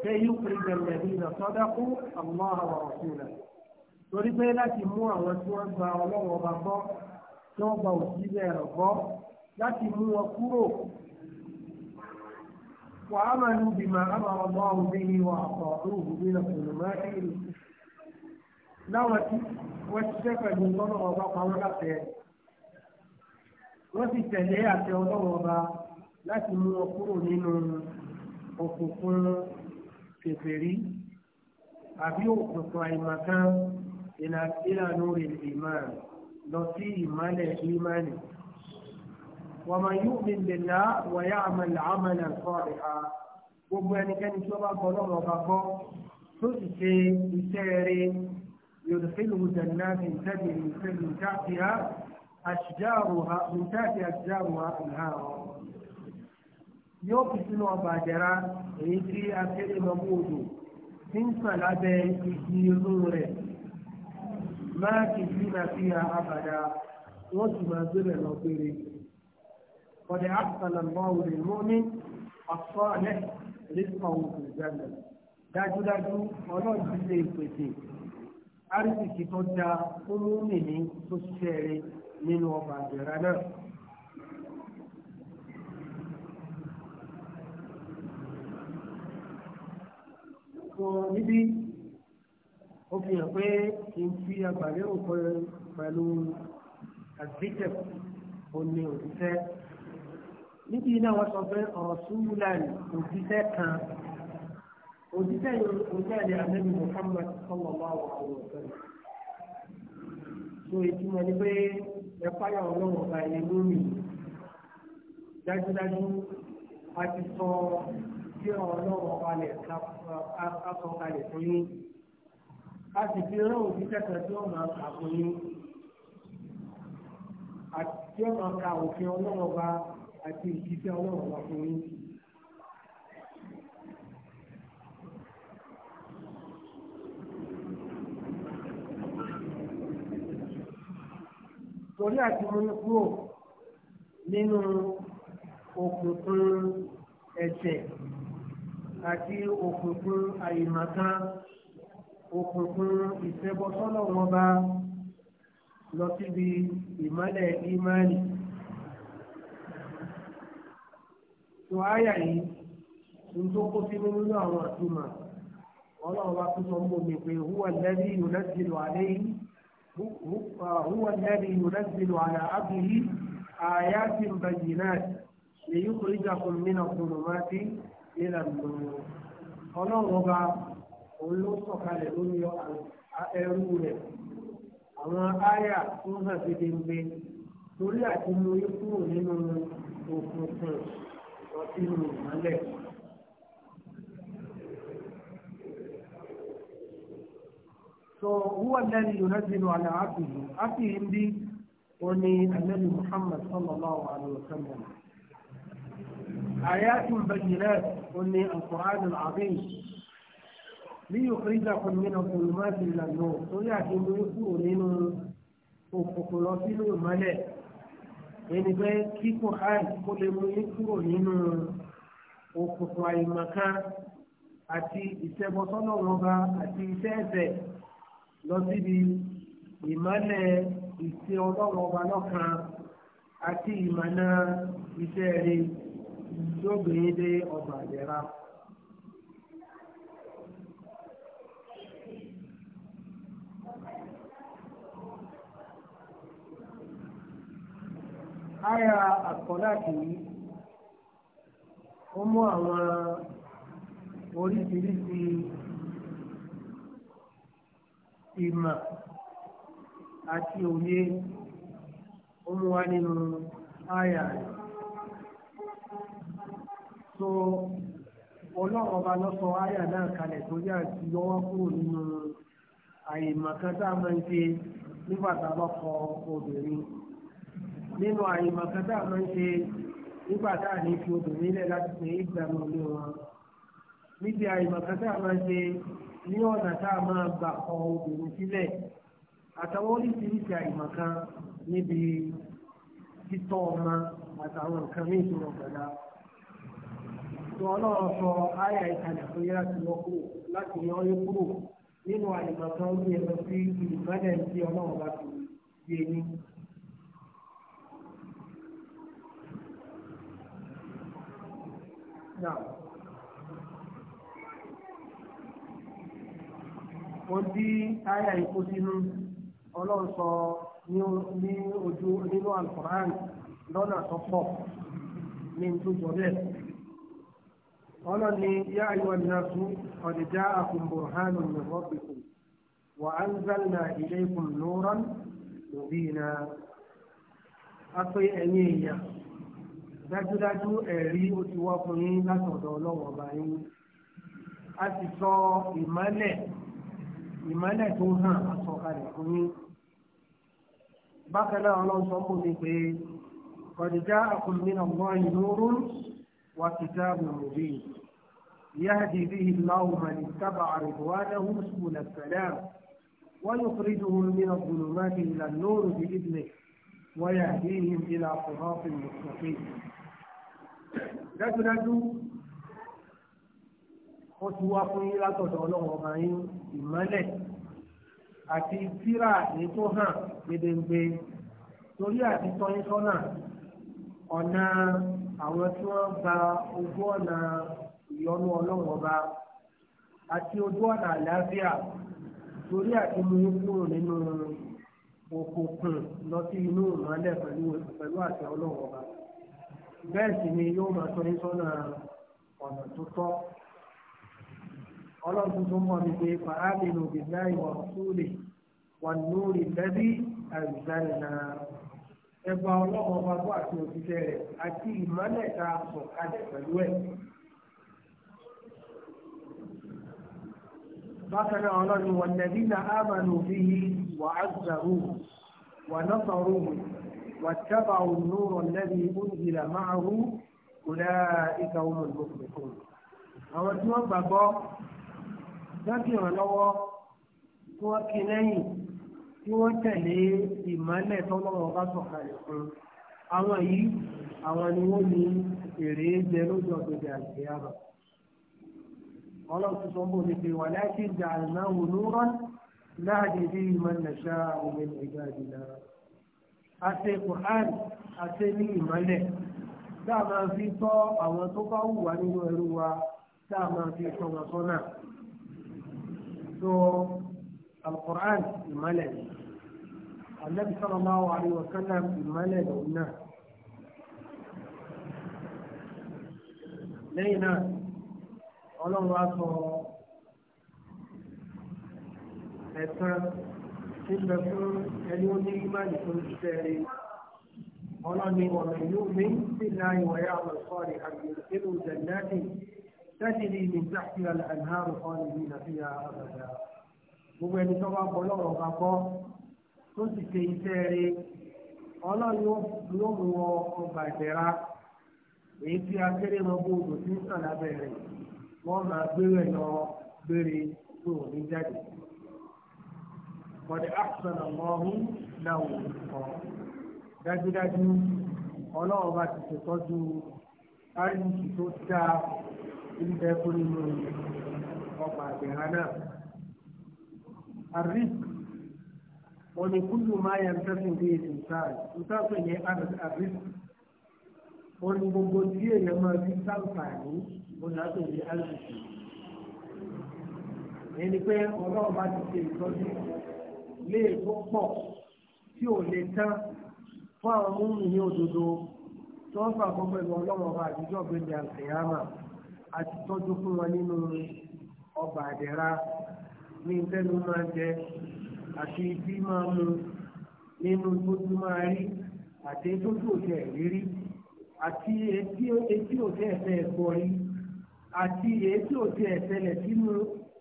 ṣé yóò pè jẹ̀lẹ̀ ní ìdàtọ́dákú àwọn àwọn ọ̀sùn torí pé láti mú àwọn tí wọ́n gba ọlọ́wọ́ ọba gbọ́ tí wọ́n gba òṣìṣẹ́ rẹ̀ gbọ́ láti mú wọn kúrò وعملوا بما امر الله به واطاعوه من الظلمات لوت واستفدوا الله وبقوا لقيه وفي التهيئه الله láti mú ọ kúrò nínú òkùnkùn kẹfẹ́rí àbí òkùnkùn àìmọ̀kan ìlànà ìmọ̀ lọ sí ìmọ̀lẹ̀ ìmọ̀lẹ̀. ومن يؤمن بالله ويعمل عملا صالحا gbogbo ẹnikẹ́ni tí ó bá gbọ́ lọ́wọ́ bá gbọ́ tó sì ṣe iṣẹ́ rẹ̀ yorùbá ìjànà ìtẹ́bí ìtẹ́bí ìtàkìá àṣìjáàrò ìtàkìá àṣìjáàrò ìhà wọn yóò fi sínú ọba àjẹrà èyí tí akéré lọ bó odò tí ń sàn lábẹ́ igi inú rẹ̀ máa kì í sínú àfihàn abàdá wọ́n sì máa gbé rẹ̀ lọ gbére. Kọ̀dẹ̀ àkàlà lọ́wọ́ rẹ̀ mọ́ ní ọ̀sọ́ alẹ́ lẹ́sọ̀ òkú ìjànà. Dájúdájú ọlọ́run ṣe ìpèsè. Arísìkì tó da fún mímì ní tó ṣiṣẹ́ rẹ̀ nínú ọba àjẹrà náà. sọ níbí ó fi hàn pé kì í fi agbàlérò pẹ̀lú àgbéjẹ̀ òní òṣìṣẹ́ níbi iná wọn sọ pé ọ̀rọ̀ súwúlàn òṣìṣẹ́ kan òṣìṣẹ́ òṣìṣẹ́ ni àlẹ́bí muhammad sallallahu alaihi wa sallam so ìtumọ̀ ni pé ẹ̀fáyà ọlọ́run ọba ẹ̀yẹ lónìí dájúdájú a ti sọ tí ọlọ́wọ́ balẹ̀ akọkalẹ̀ fún yín a sì fi rán òṣìṣẹ́ kan tí wọ́n máa kà fún yín àti ọmọ ka òfin ọlọ́wọ́ àti ìṣiṣẹ́ ọlọ́wọ́ fún yín. torí àti múni kúrò nínú òkùnkùn ẹ̀sẹ̀ àti òkùnkùn àyèmàkan òkùnkùn ìṣẹ́bọsọ́nà wọn bá lọ síbi ìmọ́lẹ̀ ìmọ́lì. tó àyà yìí ń tó kó sínú nínú àwọn àtúmọ̀ ọlọ́run bá tún sọ ń bomi pé húwà lẹ́bí yòlẹ́sìlò àlẹ́ yìí húwà lẹ́bí yòlẹ́sìlò àlẹ́ àbúyí àyà ti ń bàyìí náà lèyí kò rí jàkùn nínú ọkùnrin máa ti nílẹ̀ lòlò ọlọ́run ọba òun ló sọ̀kalẹ̀ lórí ẹrú rẹ̀ àwọn áyà tó hàn gbedengbe torí àti mú yín kúrò nínú òkùnkùn lọ sínú ìmọ̀lẹ̀. so huwa lẹ́nu yunazinu ala abiyu abiyu ń bí wọn ni alẹ́nu muhammad sallallahu alayhi wa sallam. آيات بينات قل القرآن العظيم ليخرجكم من الظلمات إلى النور ويأتي يقول إنه òkòkòrò sínú ìmọ́lẹ̀ ẹni bẹ́ẹ̀ kí kò há kó lè mú yín kúrò nínú òkòkò àìmọ̀ká àti ìṣẹ́bọsọ́nà ọba àti iṣẹ́ ẹ̀sẹ̀ lọ síbi ìmọ́lẹ̀ ìṣe ọlọ́run ọba lọ́kan àti ìmọ̀nà iṣẹ́ rẹ̀. tó gbé dé ọgbà ìlera. Aya àkọ́lá kìí ó ìmọ̀ àti òye ụmụ wa nínú so ọlọ́run ọba lọ́sọ àyà náà kalẹ̀ tó yà ti yọwọ́ kúrò nínú àyèmọ̀kan tá a máa ń ṣe nígbà tá a bá kọ obìnrin nínú àyèmọ̀kan tá a máa ń ṣe nígbà tá a ní fi obìnrin lẹ̀ láti pè é ìdáná ilé wọn níbi àyèmọ̀kan tá a máa ń ṣe ní ọ̀nà tá a máa gbà kọ obìnrin sílẹ̀ àtàwọn oríṣiríṣi àyèmọ̀kan níbi títọ́ ọmọ àtàwọn nǹkan ní ìṣòro ọ̀gbọ̀dá ṣùgbọ́n ọlọ́run sọ ayà ìkàlẹ̀ tó yẹ láti lọ kúrò láti yọ ọ́ kúrò nínú àyèmọ̀ kan ó sí ìbàdàn tí ọlọ́run bá ti yé ní. wọ́n dí ayà ìkó sínú ọlọ́run sọ ní ojú nínú alukoran lọ́nà tó pọ̀ ní ntújọ bẹ́ẹ̀ ọlọ́ni yá ayọ̀ nàṣú ọ̀dẹ̀dá àkùnbùrhánù nìrọ́bìkù wà á ń zàlnà ilé ìkùn lóran lòbí na apẹ́ ẹ̀yìn èèyàn dájúdájú ẹ̀rí ó ti wá fún yín látọ̀dọ̀ ọlọ́wọ̀n ọba a sì sọ ìmọ́lẹ̀ ìmọ́lẹ̀ tó hàn àsọkalẹ̀ fún yín bákan náà ọlọ́run sọ mi pé kọ̀díjà àkùnmí náà wọ́n yìí lóró wà kìtà àbùmọ̀bí yìí. يهدي به الله من اتبع رضوانه سبل السلام ويخرجهم من الظلمات إلى النور بإذنه ويهديهم إلى صراط مستقيم dájúdájú ó ti wá fún yín látọ̀dọ̀ ọlọ́run ọba yín ìmọ́lẹ̀ àti tíra èyí tó hàn gbedengbe torí àti tọ́yín sọ́nà ọ̀nà àwọn tí wọ́n gba ojú ọ̀nà ìyọnu ọlọ́run ọba àti ojú ọ̀nà àlàáfíà torí àti mú kúrò nínú òkùnkùn lọ sí inú ìmọ̀lẹ̀ pẹ̀lú àti ọlọ́run ọba bẹ́ẹ̀ sì ni yóò máa tọ́ ní sọ́nà ọ̀nà tó tọ́ ọlọ́run tuntun mọ̀ mi pé fàámìnú bìlá ìwà òṣùlè wà lórí lẹ́bí àìsàlẹ̀nà ẹgbà ọlọ́run ọba bọ́ àti òṣìṣẹ́ rẹ̀ àti ìmọ̀lẹ̀ sọ̀kalẹ̀ pẹ̀lú ẹ̀. bákan náà ọlọ́run wọn nàbí na ámàlù bíi wà á zàrú wà nọ́sọ̀rù wà tábà ònúrọ̀ lẹ́bi oúnjìlá máa rú kúlẹ̀ ìka ọmọ ìgbòkùnkùn. àwọn tí wọ́n gbàgbọ́ lọ́sìn ìrànlọ́wọ́ tí wọ́n kí lẹ́yìn tí wọ́n tẹ̀lé ìmọ̀lẹ̀ tọ́lọ́wọ́ bá sọ̀kalẹ̀ fún àwọn yìí àwọn ni wọ́n ní èrè jẹ lójú ọ̀gbẹ̀dẹ̀ àgbẹ̀yàrá ọlọ́run ti sọ bó ní pé wà láti ìjà àìmáwò lóòrọ́ láàdì bí ìmọ̀ nàṣà omi ìgbà ìdìlà. a ṣe quran a ṣe ní ìmọ̀lẹ̀ tá a máa fi tọ́ àwọn tó bá wù wá nínú ẹrú wa tá a máa fi tọ́ wọn sọ́nà. so alquran ìmọ̀lẹ̀ anabi sallallahu alayhi wa sallam ìmọ̀lẹ̀ lòun náà. lẹ́yìn náà ọlọ́run á sọ ẹ̀sán tí ń bẹ fún ẹni ó ní ìmáàlì tó ń ṣiṣẹ́ rí ọlọ́run ni ọ̀nà ìlú mi ń sì láàyè wọ̀nyá àwọn ẹ̀kọ́ rẹ̀ àgbèrè nínú jẹ̀nẹ́tì tẹ́tìlì ní jáde àlàáhàrù kan nìyí nàfíà àbàdà gbogbo ẹni tó bá gbọ́ lọ́rọ̀ bá gbọ́ tó sì ṣe iṣẹ́ rí ọlọ́run yóò mú ọ ọgbà ìdẹ́ra èyí tí akéré lọ bó odò tí ń sàn lábẹ́ rẹ̀ wọ́n máa gbére lọ gbére tó ò ní jáde. Bọ̀dé àkùsọ̀nà mọ́hún láwọn olùkọ́. Dájúdájú ọlọ́run bá ti ṣètọ́jú àríyìnjì tó dáa ń bẹ fún nínú ọgbà àgbẹ̀há náà. Àrík wani kullu ma yantafin bi insan nta so yẹ àrík wani gbogbo tí èèyàn máa fi sáǹfààní onáàtò ní alùpùpù ẹni pé ọlọ́run bá ti ṣe ìtọ́jú léè tó pọ̀ tí ò lè tán fún àwọn múmi ní òdodo tó ń fàkọ́ pẹ̀lú ọlọ́run ọba àtijọ́ gbẹ̀dẹ̀ àti tọ́jú fún wọn nínú ní ìtẹ́nu máa jẹ àti ibi máa nínú máa rí àti òjò àti etí òjò ẹ̀fẹ́ ẹ̀kọ́ àti èyí tí ò ti ẹ̀sẹ̀lẹ̀ sínú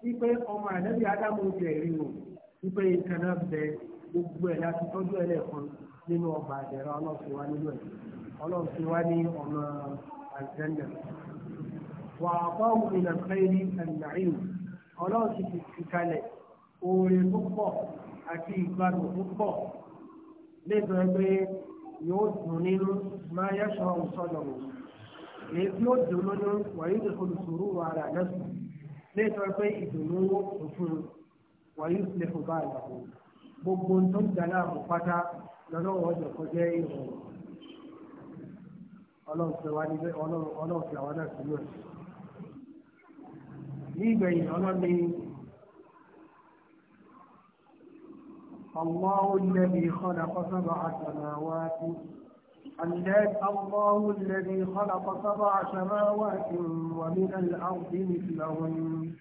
wípé ọmọ ànábì ádámù bẹ̀rẹ̀ o wípé nǹkan náà bẹ gbogbo ẹ̀ láti tọ́jú ẹlẹ́kan nínú ọgbà àdẹ̀rẹ̀ ọlọ́run ti wá nínú ẹ̀ ọlọ́run ti wá ní ọmọ àjẹ́ńdà. wà á bá òun ìlà pẹ́ẹ́lí àdìgbàyìn ọlọ́run ti kalẹ̀ oore tó àti ìgbàdùn tó lẹ́gbẹ̀ẹ́ pé yóò dùn nínú máa yẹ èyí tí ó dùn lọ́dún wàyí tó kọlu sùúrù wà rà lọ́sùn lẹ́yìn tó pé ìdùnnú òfin wàyí lè fò bá àlàfo gbogbo tó ń dáná àbò pátá lọ́dún ọjọ́ kọjá ìrọ̀rùn ọlọ́ọ̀fẹ́ wa níbẹ̀ ọlọ́ọ̀fẹ́ àwọn náà sílẹ̀ ní ìgbẹ̀yìn ọlọ́ni. الله الذي خلق سبع سماوات الله الله الذي خلق سبع سماوات ومن الأرض مثلهن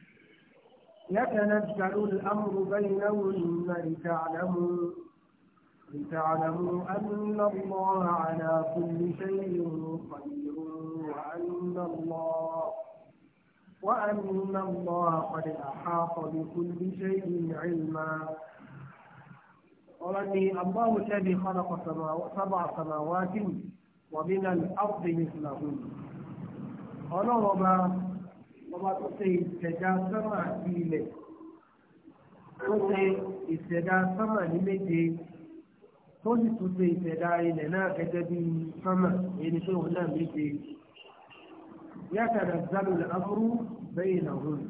يتنزل الأمر بينهن لتعلموا لتعلموا أن الله على كل شيء قدير وأن الله وأن الله قد أحاط بكل شيء علما ورني الله الذي خلق سبع سماوات ومن الأرض مثلهن ọlọ́run ọba ọba tó ṣe ìṣẹ̀dá sánmà àti ilẹ̀ tó ṣe ìṣẹ̀dá sánmà ní méje tó sì tún ṣe ìṣẹ̀dá ilẹ̀ náà gẹ́gẹ́ bí sánmà ẹni tó wọn náà méje yàtàdà zálù làbúrú bẹ́ẹ̀ náà hùn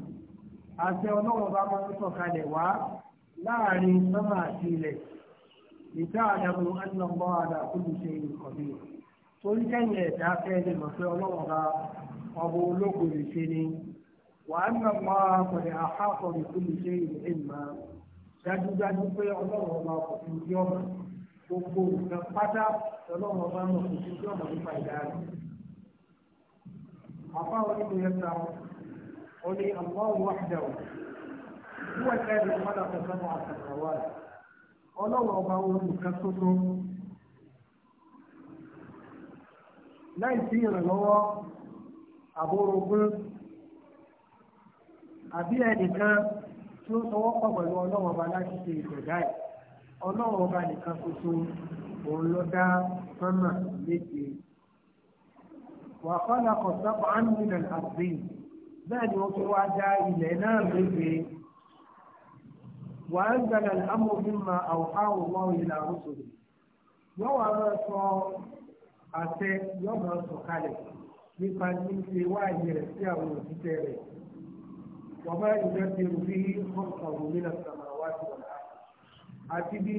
àṣẹ ọlọ́run ọba máa ń sọ̀kalẹ̀ wá láàrin sánmà àti ilẹ̀. لتعلموا أن الله على كل شيء قدير torí kẹ́yìn ẹ̀dá fẹ́ẹ́lẹ̀ mọ̀ pé ọlọ́run ra ọmọ ológun lè ṣe ni wà á nà mọ́ àkọlẹ̀ àkàkọ̀ lè kú lè ṣe ìwé ìmọ̀ dájúdájú pé ọlọ́run ọba kò fi ojú ọmọ gbogbo nǹkan pátá ọlọ́run ọba kò fi ojú ọmọ nípa ìdá rẹ̀. àfa onímọ̀ yẹn ta ọ ní àwọn wàhálà wọ́n ẹ̀ka ẹ̀rọ mọ́lá kọ̀ọ̀kan àtàkùn àwọn ọlọ́wọ́ ọba ohun nìkan láì sí ìrànlọ́wọ́ àbí ẹnìkan tí ó sọwọ́ pọ̀ pẹ̀lú ọlọ́wọ́ ọba láti ṣe ìgbẹ̀dá ẹ̀ ọlọ́wọ́ ọba nìkan ṣoṣo òun ló dá sánmà méje wàhálà kọ̀ọ̀sán àmì ìrìn ni wọ́n fi wá dá ilẹ̀ náà وأنزل الأمر مما أوحاه الله إلى رسله yọwọ àwọn sọ àṣẹ yọmọ sọ̀kalẹ̀ nípa níṣe wáyé rẹ sí àwọn òṣìṣẹ́ rẹ wọn bá ìjọ ti rú bí ọkọ òmìnira sàmà wá sí wọn àti bí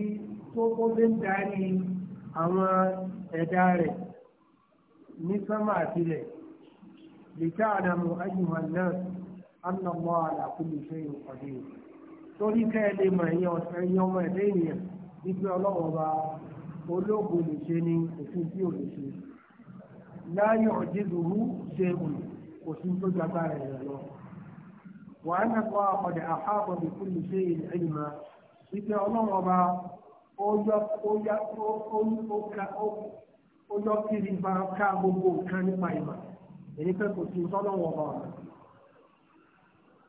tó kó lé ń darí àwọn ẹ̀dá rẹ ní sánmà àtìlẹ lè tá àdàmú ayélujára náà ànàmọ àlàkùnrin ṣe ìpàdé yìí. torí ká ẹ lè mọ ẹ̀yin ẹ̀yin ọmọ ẹ̀dá ènìyàn wípé ọlọ́run ọba olóògùn lè ṣe ni òfin tí ò lè ṣe ṣe òun tó lọ. wàá ọdị ọ̀dẹ̀ àhábọ̀ bí kú lè ṣe ẹ̀yìn máa wípé ọlọ́run ọba ó yọ kiri bá ká gbogbo nǹkan nípa ìmọ̀ èyí pé kò sí ọba ọ̀nà.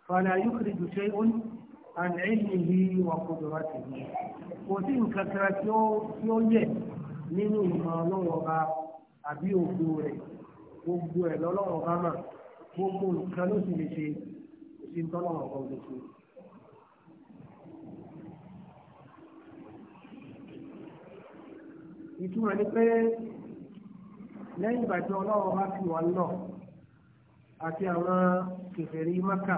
fàlàyé ṣe ó عن علمه وقدرته وتلك كراتيو يوجد nínú ìmọ̀ ọlọ́wọ́ ọba àbí ògbó rẹ̀ gbogbo ẹ̀ lọ́lọ́wọ́ ọba mà gbogbo nǹkan ló sì lè ṣe kò sí tọ́lọ́wọ́ ọba òde ṣe. ìtumọ̀ ni pé lẹ́yìn ìgbà tí ọlọ́wọ́ ọba fi wà lọ àti àwọn kẹfẹ́rí mọ́kà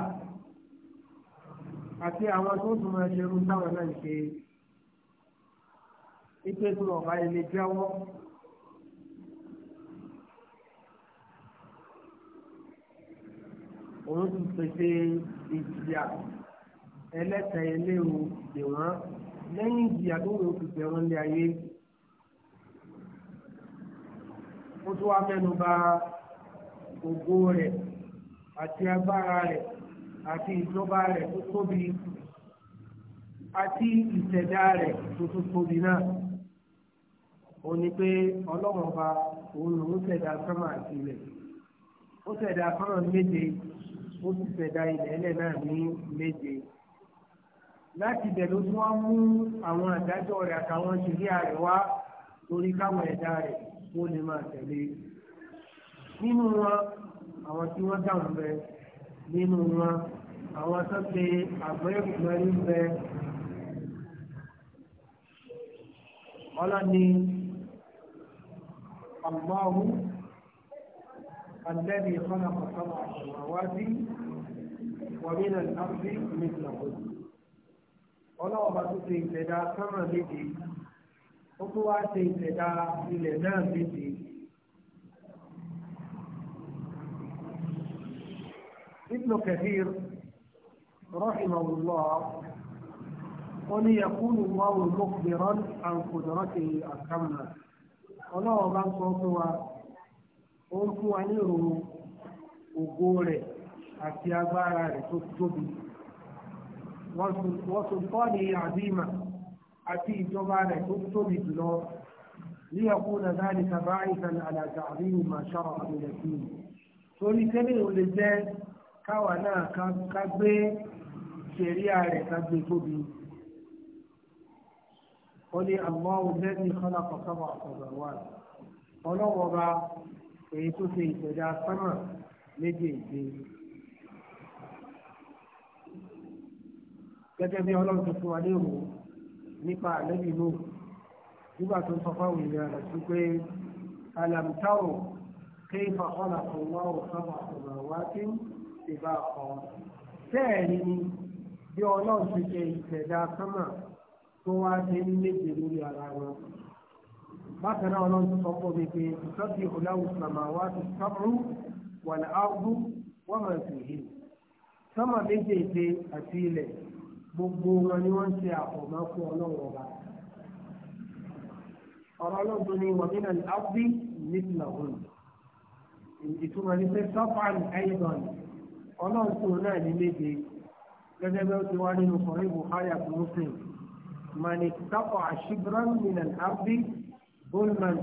àti àwọn tó tún máa ṣerú táwọn náà ń ṣe ipe tó ọba ilé jáwọ́. òun ti pèsè ìjìyà ẹlẹ́tẹ̀ eléwu dè wọ́n lẹ́yìn ìjìyà tó wọ́n ti bẹ̀ wọ́n lé ayé. ó tún wá mẹ́nu bà ògo rẹ̀ àti agbára rẹ̀ àti ìjọba rẹ̀ tó tóbi àti ìṣẹ̀dá rẹ̀ tó tó tóbi náà ó ní pé ọlọ́run ọba òun lòún ṣẹ̀dá sánmà àti ilẹ̀ ó ṣẹ̀dá sánmà méje ó sì ṣẹ̀dá ilẹ̀ ẹlẹ̀ náà ní méje láti bẹ̀ ló tún wá mú àwọn àdájọ́ rẹ̀ àtàwọn ìṣẹ̀lẹ̀ rẹ̀ wá torí káwọn ẹ̀dá rẹ̀ ó lè máa tẹ̀lé nínú wọn àwọn tí wọ́n dáhùn bẹ́ẹ̀ nínú wọn àwọn tó ṣe àgbẹ̀kùnrin ń bẹ ọlọ́ni ọgbọ́ọ̀hún الذي خلق سبع سماوات ومن الأرض مثلهن ọlọ́ọ̀bá tó ṣe ìṣẹ̀dá sọ́nà méje ó tún wá ṣe ìṣẹ̀dá ilẹ̀ náà méje ابن كثير رحمه الله قل يكون الله مخبرا عن قدرته الكاملة ọlọ́wọ́ bá ń sọ fún wa ó ń fún wa ní ìròyìn ògo rẹ̀ àti agbára rẹ̀ tó tóbi wọ́n tún kọ́ ní àbímà àti ìjọba rẹ̀ tó tóbi jùlọ ní ọkùn náà dáadé tàbá ìtàn àlàjà àbí ìmọ̀ ṣọ́ọ̀ àbí rẹ̀ sí i torí tẹ́lẹ̀ ò lè jẹ́ káwa náà ká gbé ṣẹ̀ríà rẹ̀ ká gbé tóbi. ó ní àmọ́ òlẹ́ni kọ́lá kọ̀ọ̀kan àkọ́gbà wà. ọlọ́wọ́ bá èyí tó ṣe ìṣẹ̀dá sánmà méjèèjì. gẹ́gẹ́ bí ọlọ́run ti fún wa léèrò nípa àlẹ́bí náà nígbà tó ń sọ fáwọn èèyàn rẹ̀ sí pé alamtaro kéèfà kọ́lá kọ̀ọ̀wá ọ̀sán àkọ́gbà wá sí ṣe bá kọ bẹ́ẹ̀ ni bí ọlọ́run ti ṣe ìṣẹ̀dá sánmà tó wá ṣe ń méje lórí ara wọn bákan náà ọlọ́run sọ fún mi pé ìtọ́jú ìhùláwù sàmà wá ti sábúrú wà ní áwùrú wọ́n mọ̀ sí yìí sánmà méjèèjì àti ilẹ̀ gbogbo wọn ni wọ́n ń ṣe àfọ̀mọ́ fún ọlọ́run ọba ọ̀rọ̀ ọlọ́run ni wọ́n nínú áwùrú nípìnlẹ̀ òun ìtumọ̀ ní pé sọ́fà ní ẹ̀yìn ọlọ́run tó náà ní méje gẹ́gẹ́ bí ó ti wá nínú kọrin buhari àti muslim mani tako àṣìbran nínú àbí bolman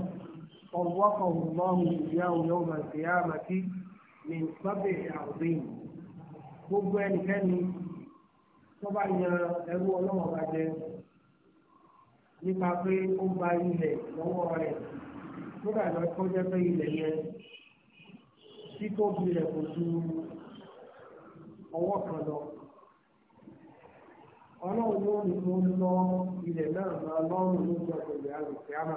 ọwọ́kọ̀ ọlọ́run ìyá òyìnbó màtí yá màtí ní sábẹ̀ àrùbíyìn gbogbo ẹnikẹ́ni tó bá yan ẹrú ọlọ́run ọba jẹ nípa pé ó gba ilẹ̀ lọ́wọ́ rẹ̀ kódà lọ́kọ́ jẹ́ pé ilẹ̀ yẹn títóbi rẹ̀ kò ju ọwọ́ kan lọ. ọlọ́run ló ní mo lọ ilẹ̀ náà máa lọ́rùn lójú ọ̀gbẹ̀rẹ̀ àlùfíàmà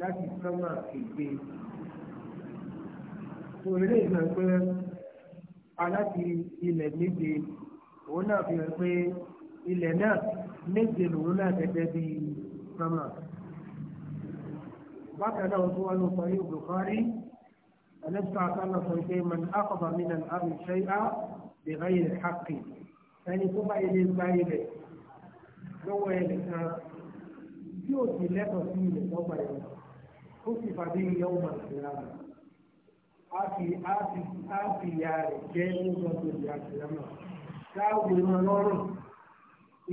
láti sánmà ègbé. òrèlè ìgbà pé aláti ilẹ̀ méje òun náà fi hàn pé ilẹ̀ náà méje lòun náà gẹ́gẹ́ bí sánmà. bákan náà tó wà ló parí òbí kárí. أنبت عسى الله من أخذ من الأرض شيئا bẹ̀rẹ̀ yẹn hàpì ẹni tó bá ilé gba ilẹ̀ lọ́wọ́ ẹnì kan tí ò sì lẹ́tọ̀ọ́ sí ilẹ̀ lọ́gbà ẹ̀rọ ó sì fàdé ìyá ọmọ ìlera rẹ̀ á fi á fi á fi ìyá rẹ̀ jẹ́ lọ́gbà tó di àṣìlẹ̀ náà dáàbò wọn lọ́rùn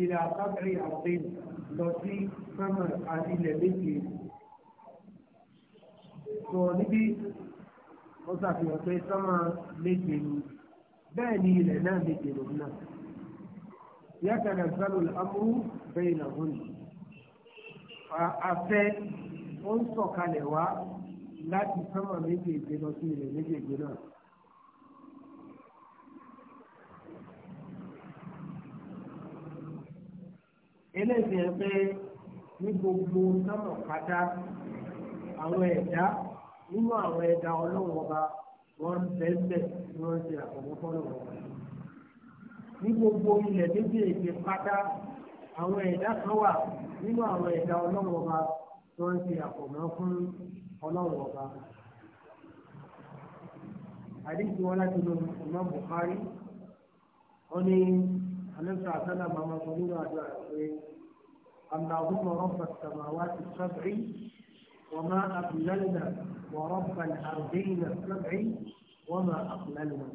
ilẹ̀ àtàkùrẹ́ àti lọ sí sọ́mọ̀ àti ilẹ̀ méje sọ níbi ó ṣàfihàn pé sọ́mọ̀ méje ni. bẹ́ẹ̀ ni ilẹ̀ náà lè dèrò náà yàtàdà sálò amúrú bẹ́ẹ̀ nà hún afẹ́ ó ń sọ̀kalẹ̀ wá láti sánmà méjèèjì lọ sí ilẹ̀ méjèèjì náà. eléyìí ẹ pé ní gbogbo sánmà pátá wọ́n ń tẹ́sẹ̀ tí wọ́n ṣe àfọwọ́fọ́lọ̀ wọn. ní gbogbo ilẹ̀ méjèèjì pátá àwọn ẹ̀dá kan wà nínú àwọn ẹ̀dá ọlọ́run ọba tí wọ́n ń ṣe àfọ̀mọ́ fún ọlọ́run ọba. àdéhùn wọn láti lo ìmọ̀ buhari wọ́n ní àlẹ́sọ̀ àtàlà màmá sọ nínú àdúrà pé àmàlùmọ̀ rọ́pà sàmáwá ti sọ́bìrì. وما أضللنا ورب الأرضين السبع وما أضللنا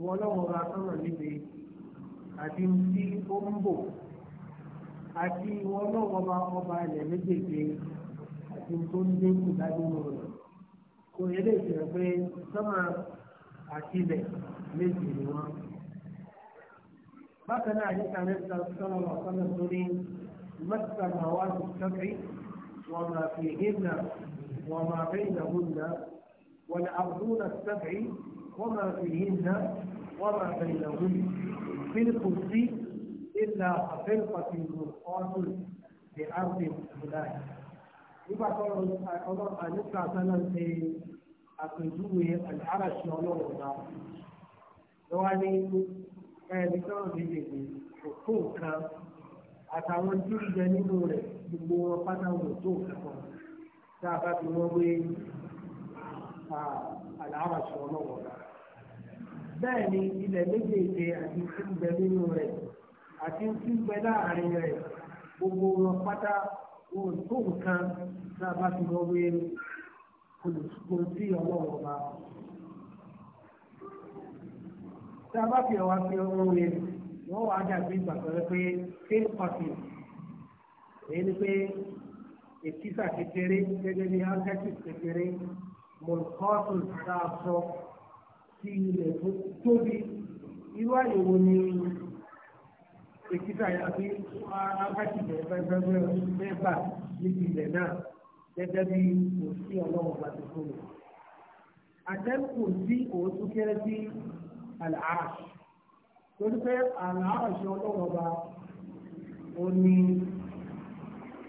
ولو رأسنا لبي أتمتي أمبو àti wọn náà wọn bá ọba ilẹ̀ méjèèjì àti tó ń dé ìdádúró rẹ̀ kò yẹ lè fi hàn pé sọ́mà àti ilẹ̀ méjì ni wọ́n. bákan náà àyíká rẹ̀ sọ́nà ọ̀sán lórí mẹ́tàlá wa ti sọ́kì. وما فيهن وما بينهن والأرضون السبع وما فيهن وما بينهن في القدس إلا خفيقة مرقاة بأرض فلان nígbà tọrọ ọlọ́run àníkà sálẹ̀ ṣe àpèjúwe àláràṣẹ ọlọ́run náà lọ́wọ́ ní ẹ̀ẹ́dẹ́gbẹ̀rún méjèèjì òkú nǹkan àtàwọn tí ń jẹ nínú rẹ̀ gbogbo wọn pátá wọn tó nǹkan tá a bá fi wọ́n gbé àlàáfà sí ọlọ́wọ́ bẹ́ẹ̀ ni ilẹ̀ méjèèjì àti tí ń bẹ nínú rẹ̀ àti tí ń bẹ láàrin rẹ̀ gbogbo wọn pátá wọn tó nǹkan tá a bá fi wọ́n gbé kò ọlọ́wọ́ bá tá a bá fi ọwọ́ fi ọwọ́ wẹ̀ wọ́n wá dàbí ìgbà kan pé tail cutting èyí ni pé èkìsà kékeré gẹ́gẹ́ bí alkẹ́tìs kékeré mọ̀lùkọ́tù tá a sọ sí ilẹ̀ tó tóbi irú àyẹ̀wò ni èkìsà àbí alkẹ́tìs bẹ́ẹ̀ bá níbi ilẹ̀ náà gẹ́gẹ́ bí kò sí ọlọ́run bá ti fún mi. àtẹ́kù sí òótú kéré àlàáṣì torí pé àlàáfàṣẹ ọlọ́run ọba ó ní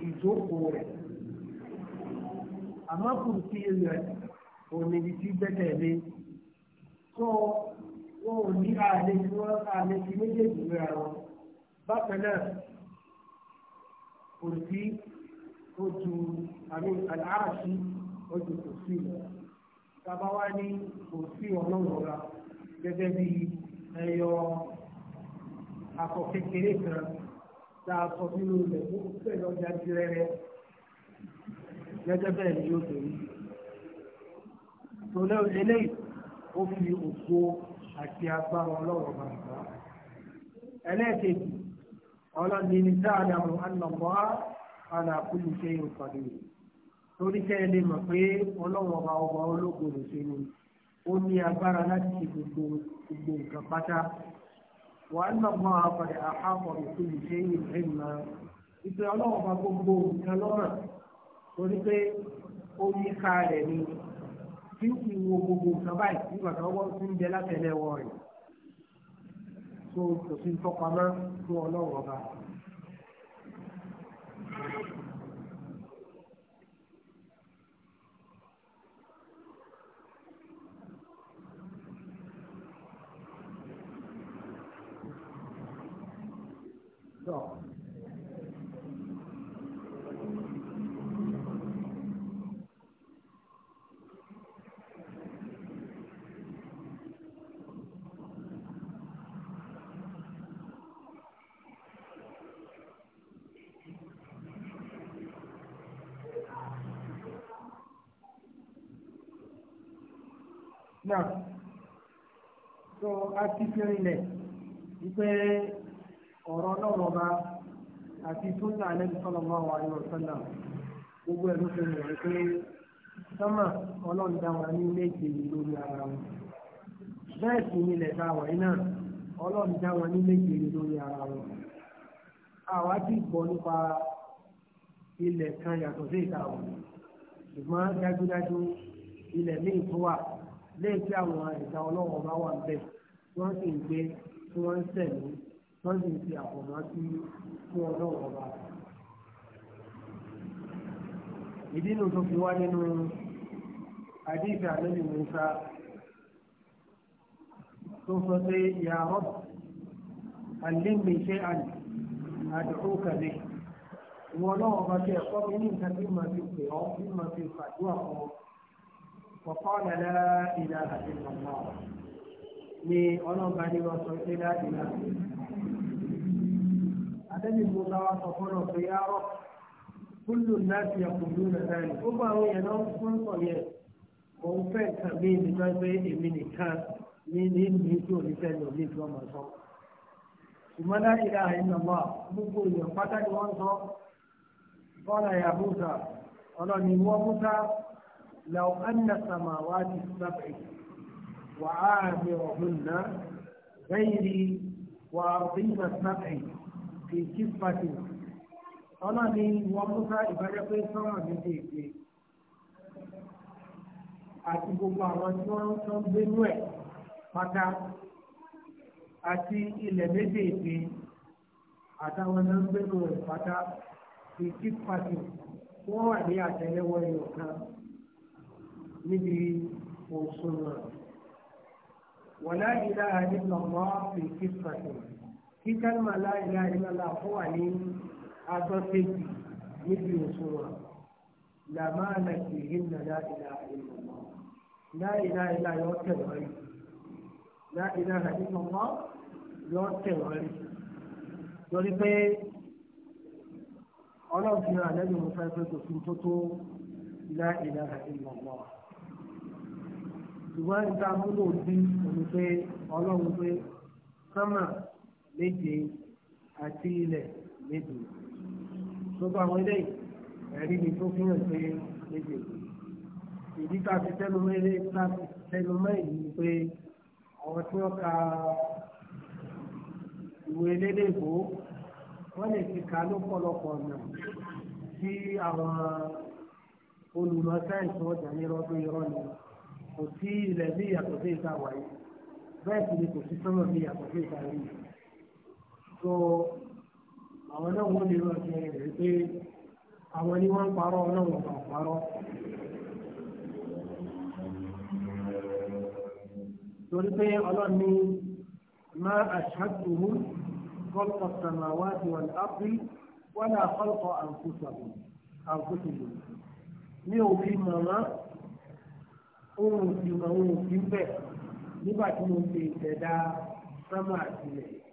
ìjókòó rẹ̀ àmọ́ kùrùsí rẹ̀ ò ní ibi tí gbẹ́kẹ̀lé tó wọn ò ní àlè tí wọ́n àlè tí méjèèjì rẹ̀ àwọn bákan náà kùrùsí ó ju àmì àlàáfàṣẹ ó ju kùrùsí rẹ̀ tábà wá ní kùrùsí ọlọ́run ọba gẹ́gẹ́ bí ẹyọ akọ kékeré kan tá a sọ nínú ilẹ̀ tó fẹ́ lọ́jà tirẹ̀rẹ̀ gẹ́gẹ́ bẹ́ẹ̀ ni yóò tó rí. tòlẹ́ eléyìí ó fi ògbó àti agbára ọlọ́wọ́ bàbá. ẹlẹ́ẹ̀kejì ọlọ́ni ní sáàdàmù ànàmọ́ àlàkùnrin ṣe é pàdé. torí kẹ́ ẹ lè mọ̀ pé ọlọ́wọ́ bá ọba ológun lè ṣe ni ó ní agbára láti ṣe gbogbo gbogbo nǹkan pátá. وأن الله قد أحاط بكل شيء علما ìpè ọlọ́run bá gbogbo nǹkan lọ́rọ̀ torí pé ó yí ká rẹ̀ ni tí kì í wo gbogbo nǹkan báyìí nígbà tó wọ́n ti ń jẹ látẹ̀lẹ́ wọ rẹ̀ tó kò sí tọpamọ́ fún ọlọ́run ọba. náà so a ti wípé ọ̀rọ̀ ọlọ́run ọba àti sunna alẹ́bí sọ́nà máa wà ní gbogbo ẹ̀ ló fi mọ̀ pé sọ́mà ọlọ́run dá wa ní méje lórí ara wọn bẹ́ẹ̀ sì ni ilẹ̀ tá a wà yín náà ọlọ́run dá wa ní méje lórí ara wọn àwa ti gbọ́ nípa ilẹ̀ kan yàtọ̀ sí ìta wọn ṣùgbọ́n dájúdájú ilẹ̀ míì tó wà lẹ́yìn tí àwọn ìta ọlọ́run ọba wà ń bẹ̀ wọ́n sì ń gbé tí wọ́n ń sẹ̀lú wọ́n lè fi àfọ̀mọ́ sí fún ọlọ́run ọba. ìdí inú tó fi wá nínú àdéhùn àlẹ́bí musa tó sọ pé ìyá rọ́bù àlẹ́mí ṣé àlè àdùkú kàlẹ́ ìwọ náà ọba tí ẹ̀kọ́ mi ní nǹkan tí màá fi pè ọ́ bí màá fi fàdúrà fún ọ. وقال لا إله إلا ni ọlọ́ba ni wọ́n sọ pé láti láti àtẹ́bí mo bá wa sọ fọ́nà pé yá rọ̀ kúlù láti ẹ̀kúndú nàdá ni ó bá àwọn èèyàn náà fún sọ yẹn òun fẹ́ nǹkan bí nígbà pé èmi nìkan ní ní ní tí ò ní fẹ́ lò ní ìtura màá sọ. ṣùgbọ́n láti ra àìsàn wa gbogbo èèyàn pátá ni wọ́n sọ bọ́lá yàbúta ọlọ́ni wọ́n múta لو أن السماوات السبع وعامرهن غيري وأرضين السبع kì í chief party ọlọ́ni wọn múta ìbájẹ́ pé sọ́wọ́n mi ti gbé àti gbogbo àwọn tí wọ́n ń gbénú ẹ̀ pátá àti ilẹ̀ méjèèjì àtàwọn náà ń gbénú ẹ̀ pátá kì í chief party wọ́n wà ní àtẹ̀lẹ́wọ́ ẹ̀yọ̀ kan níbi òṣùwọ̀n wọ̀lá ìlà àdìgbọ̀n mọ́ kì chief party kí kálímà láìlá ìlàlá fún wa ní agbọ́sẹ̀jì níbi òṣùwọ̀n làmáàlà kì í nà láìlá ìlàlá láìlá ìlà yọ tẹ̀wọ́n rí láìlá ìlàlá yọ tẹ̀wọ́n rí lórí pé ọlọ́run ti ràn lẹ́nu mo fẹ́ pé kò sí tó tó láìlá ìlàlá ṣùgbọ́n níta múlò bí omi pé ọlọ́run pé sọ́mà méje àti ilẹ̀ méje gbogbo àwọn ilé ẹ̀rí mi tó fihàn pé méje ìdí tá a fi tẹnu mẹ́lẹ́ tá a fi tẹnu mẹ́yìn ni pé àwọn tí wọ́n ka ìwé lédè ìbò wọ́n lè fi kà lọ́pọ̀lọpọ̀ ọ̀nà tí àwọn olùmọ̀ sáyẹ̀nsì ọjà ní rọ́dún irọ́ ni kò sí ilẹ̀ bí ìyàtọ̀ sí ìta wáyé bẹ́ẹ̀ sì ni kò sí sọ́mọ̀ bí ìyàtọ̀ sí ìta yìí so àwọn náà wọ́n lè rán ṣe rẹ̀ pé àwọn ni wọ́n ń parọ́ ọlọ́run kan parọ́. torí pé ọlọ́run ní má àṣàtúhù kọ́lọ̀ sàmáwá ti wà ní ápì wọ́n náà kọ́lọ̀ àǹkóṣàbò àǹkóṣàbò ní òfin màmá ohun òfin àwọn òfin bẹ́ẹ̀ nígbà tí mo ń ṣe ìṣẹ̀dá sámà àtìlẹ́yìn.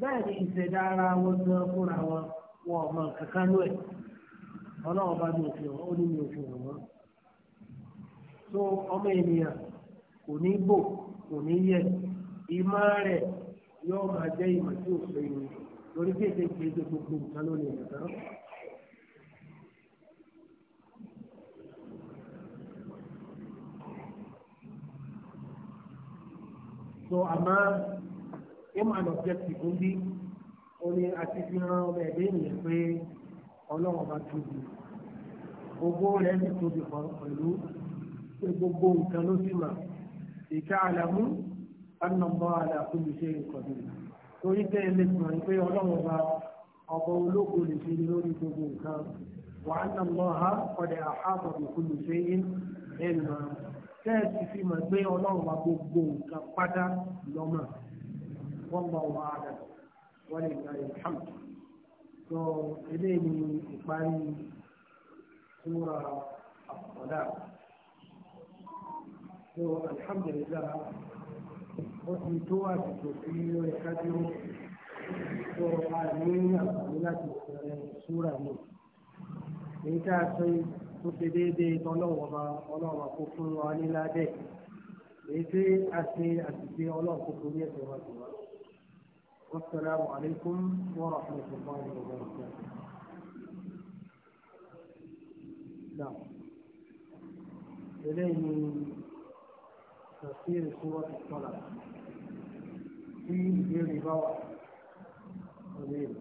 bẹ́ẹ̀ ni ìṣẹ̀dá ara wọn gan fúnra wọn wọn ò mọ kankan lóẹ̀ ọlọ́run bá mi ò fi hàn ó ní mi ò fi hàn wọ́n. tó ọmọ ènìyàn kò ní bò kò ní yẹ ìmọ̀ rẹ̀ yóò máa jẹ́ ìmọ̀ tí ò ni lórí kéde kéde gbogbo aim and objective ń bí oní àti fi hàn ọmọ ẹ̀dẹ́ ènìyàn pé ọlọ́run bá tóbi gbogbo rẹ̀ sì tóbi pẹ̀lú pé gbogbo nǹkan ló sì mà ìka àlàmú ànàmọ́ àlàkù lè ṣe ìkọ̀dù torí pé ẹlẹ́ sọ pé ọlọ́run bá ọba ológo lè ṣe lórí gbogbo nǹkan wà á nàmọ́ ha ọ̀dẹ̀ àhábọ̀ kò ṣe é tẹ́ẹ̀sì fi mà pé ọlọ́run bá gbogbo nǹkan pátá lọ́mọ wallahu a'lam walillahi alhamd so eléyìí ni ìparí súra àkọ́dá so alhamdulillah ó ti tó àsìkò tí ó yẹ ká dúró so a ní àǹfààní láti bẹ̀rẹ̀ súra náà èyí tá a sọ yìí tó ṣe déédéé ọlọ́wọ́ba ọlọ́wọ́ kó fún wa ní ládẹ́ èyí tí a ṣe àṣìṣe ọlọ́wọ́ kó fún ní ẹ̀sẹ̀ wa tó wá. والسلام عليكم ورحمة الله وبركاته نعم إليه تفسير سورة الطلب في غير بوع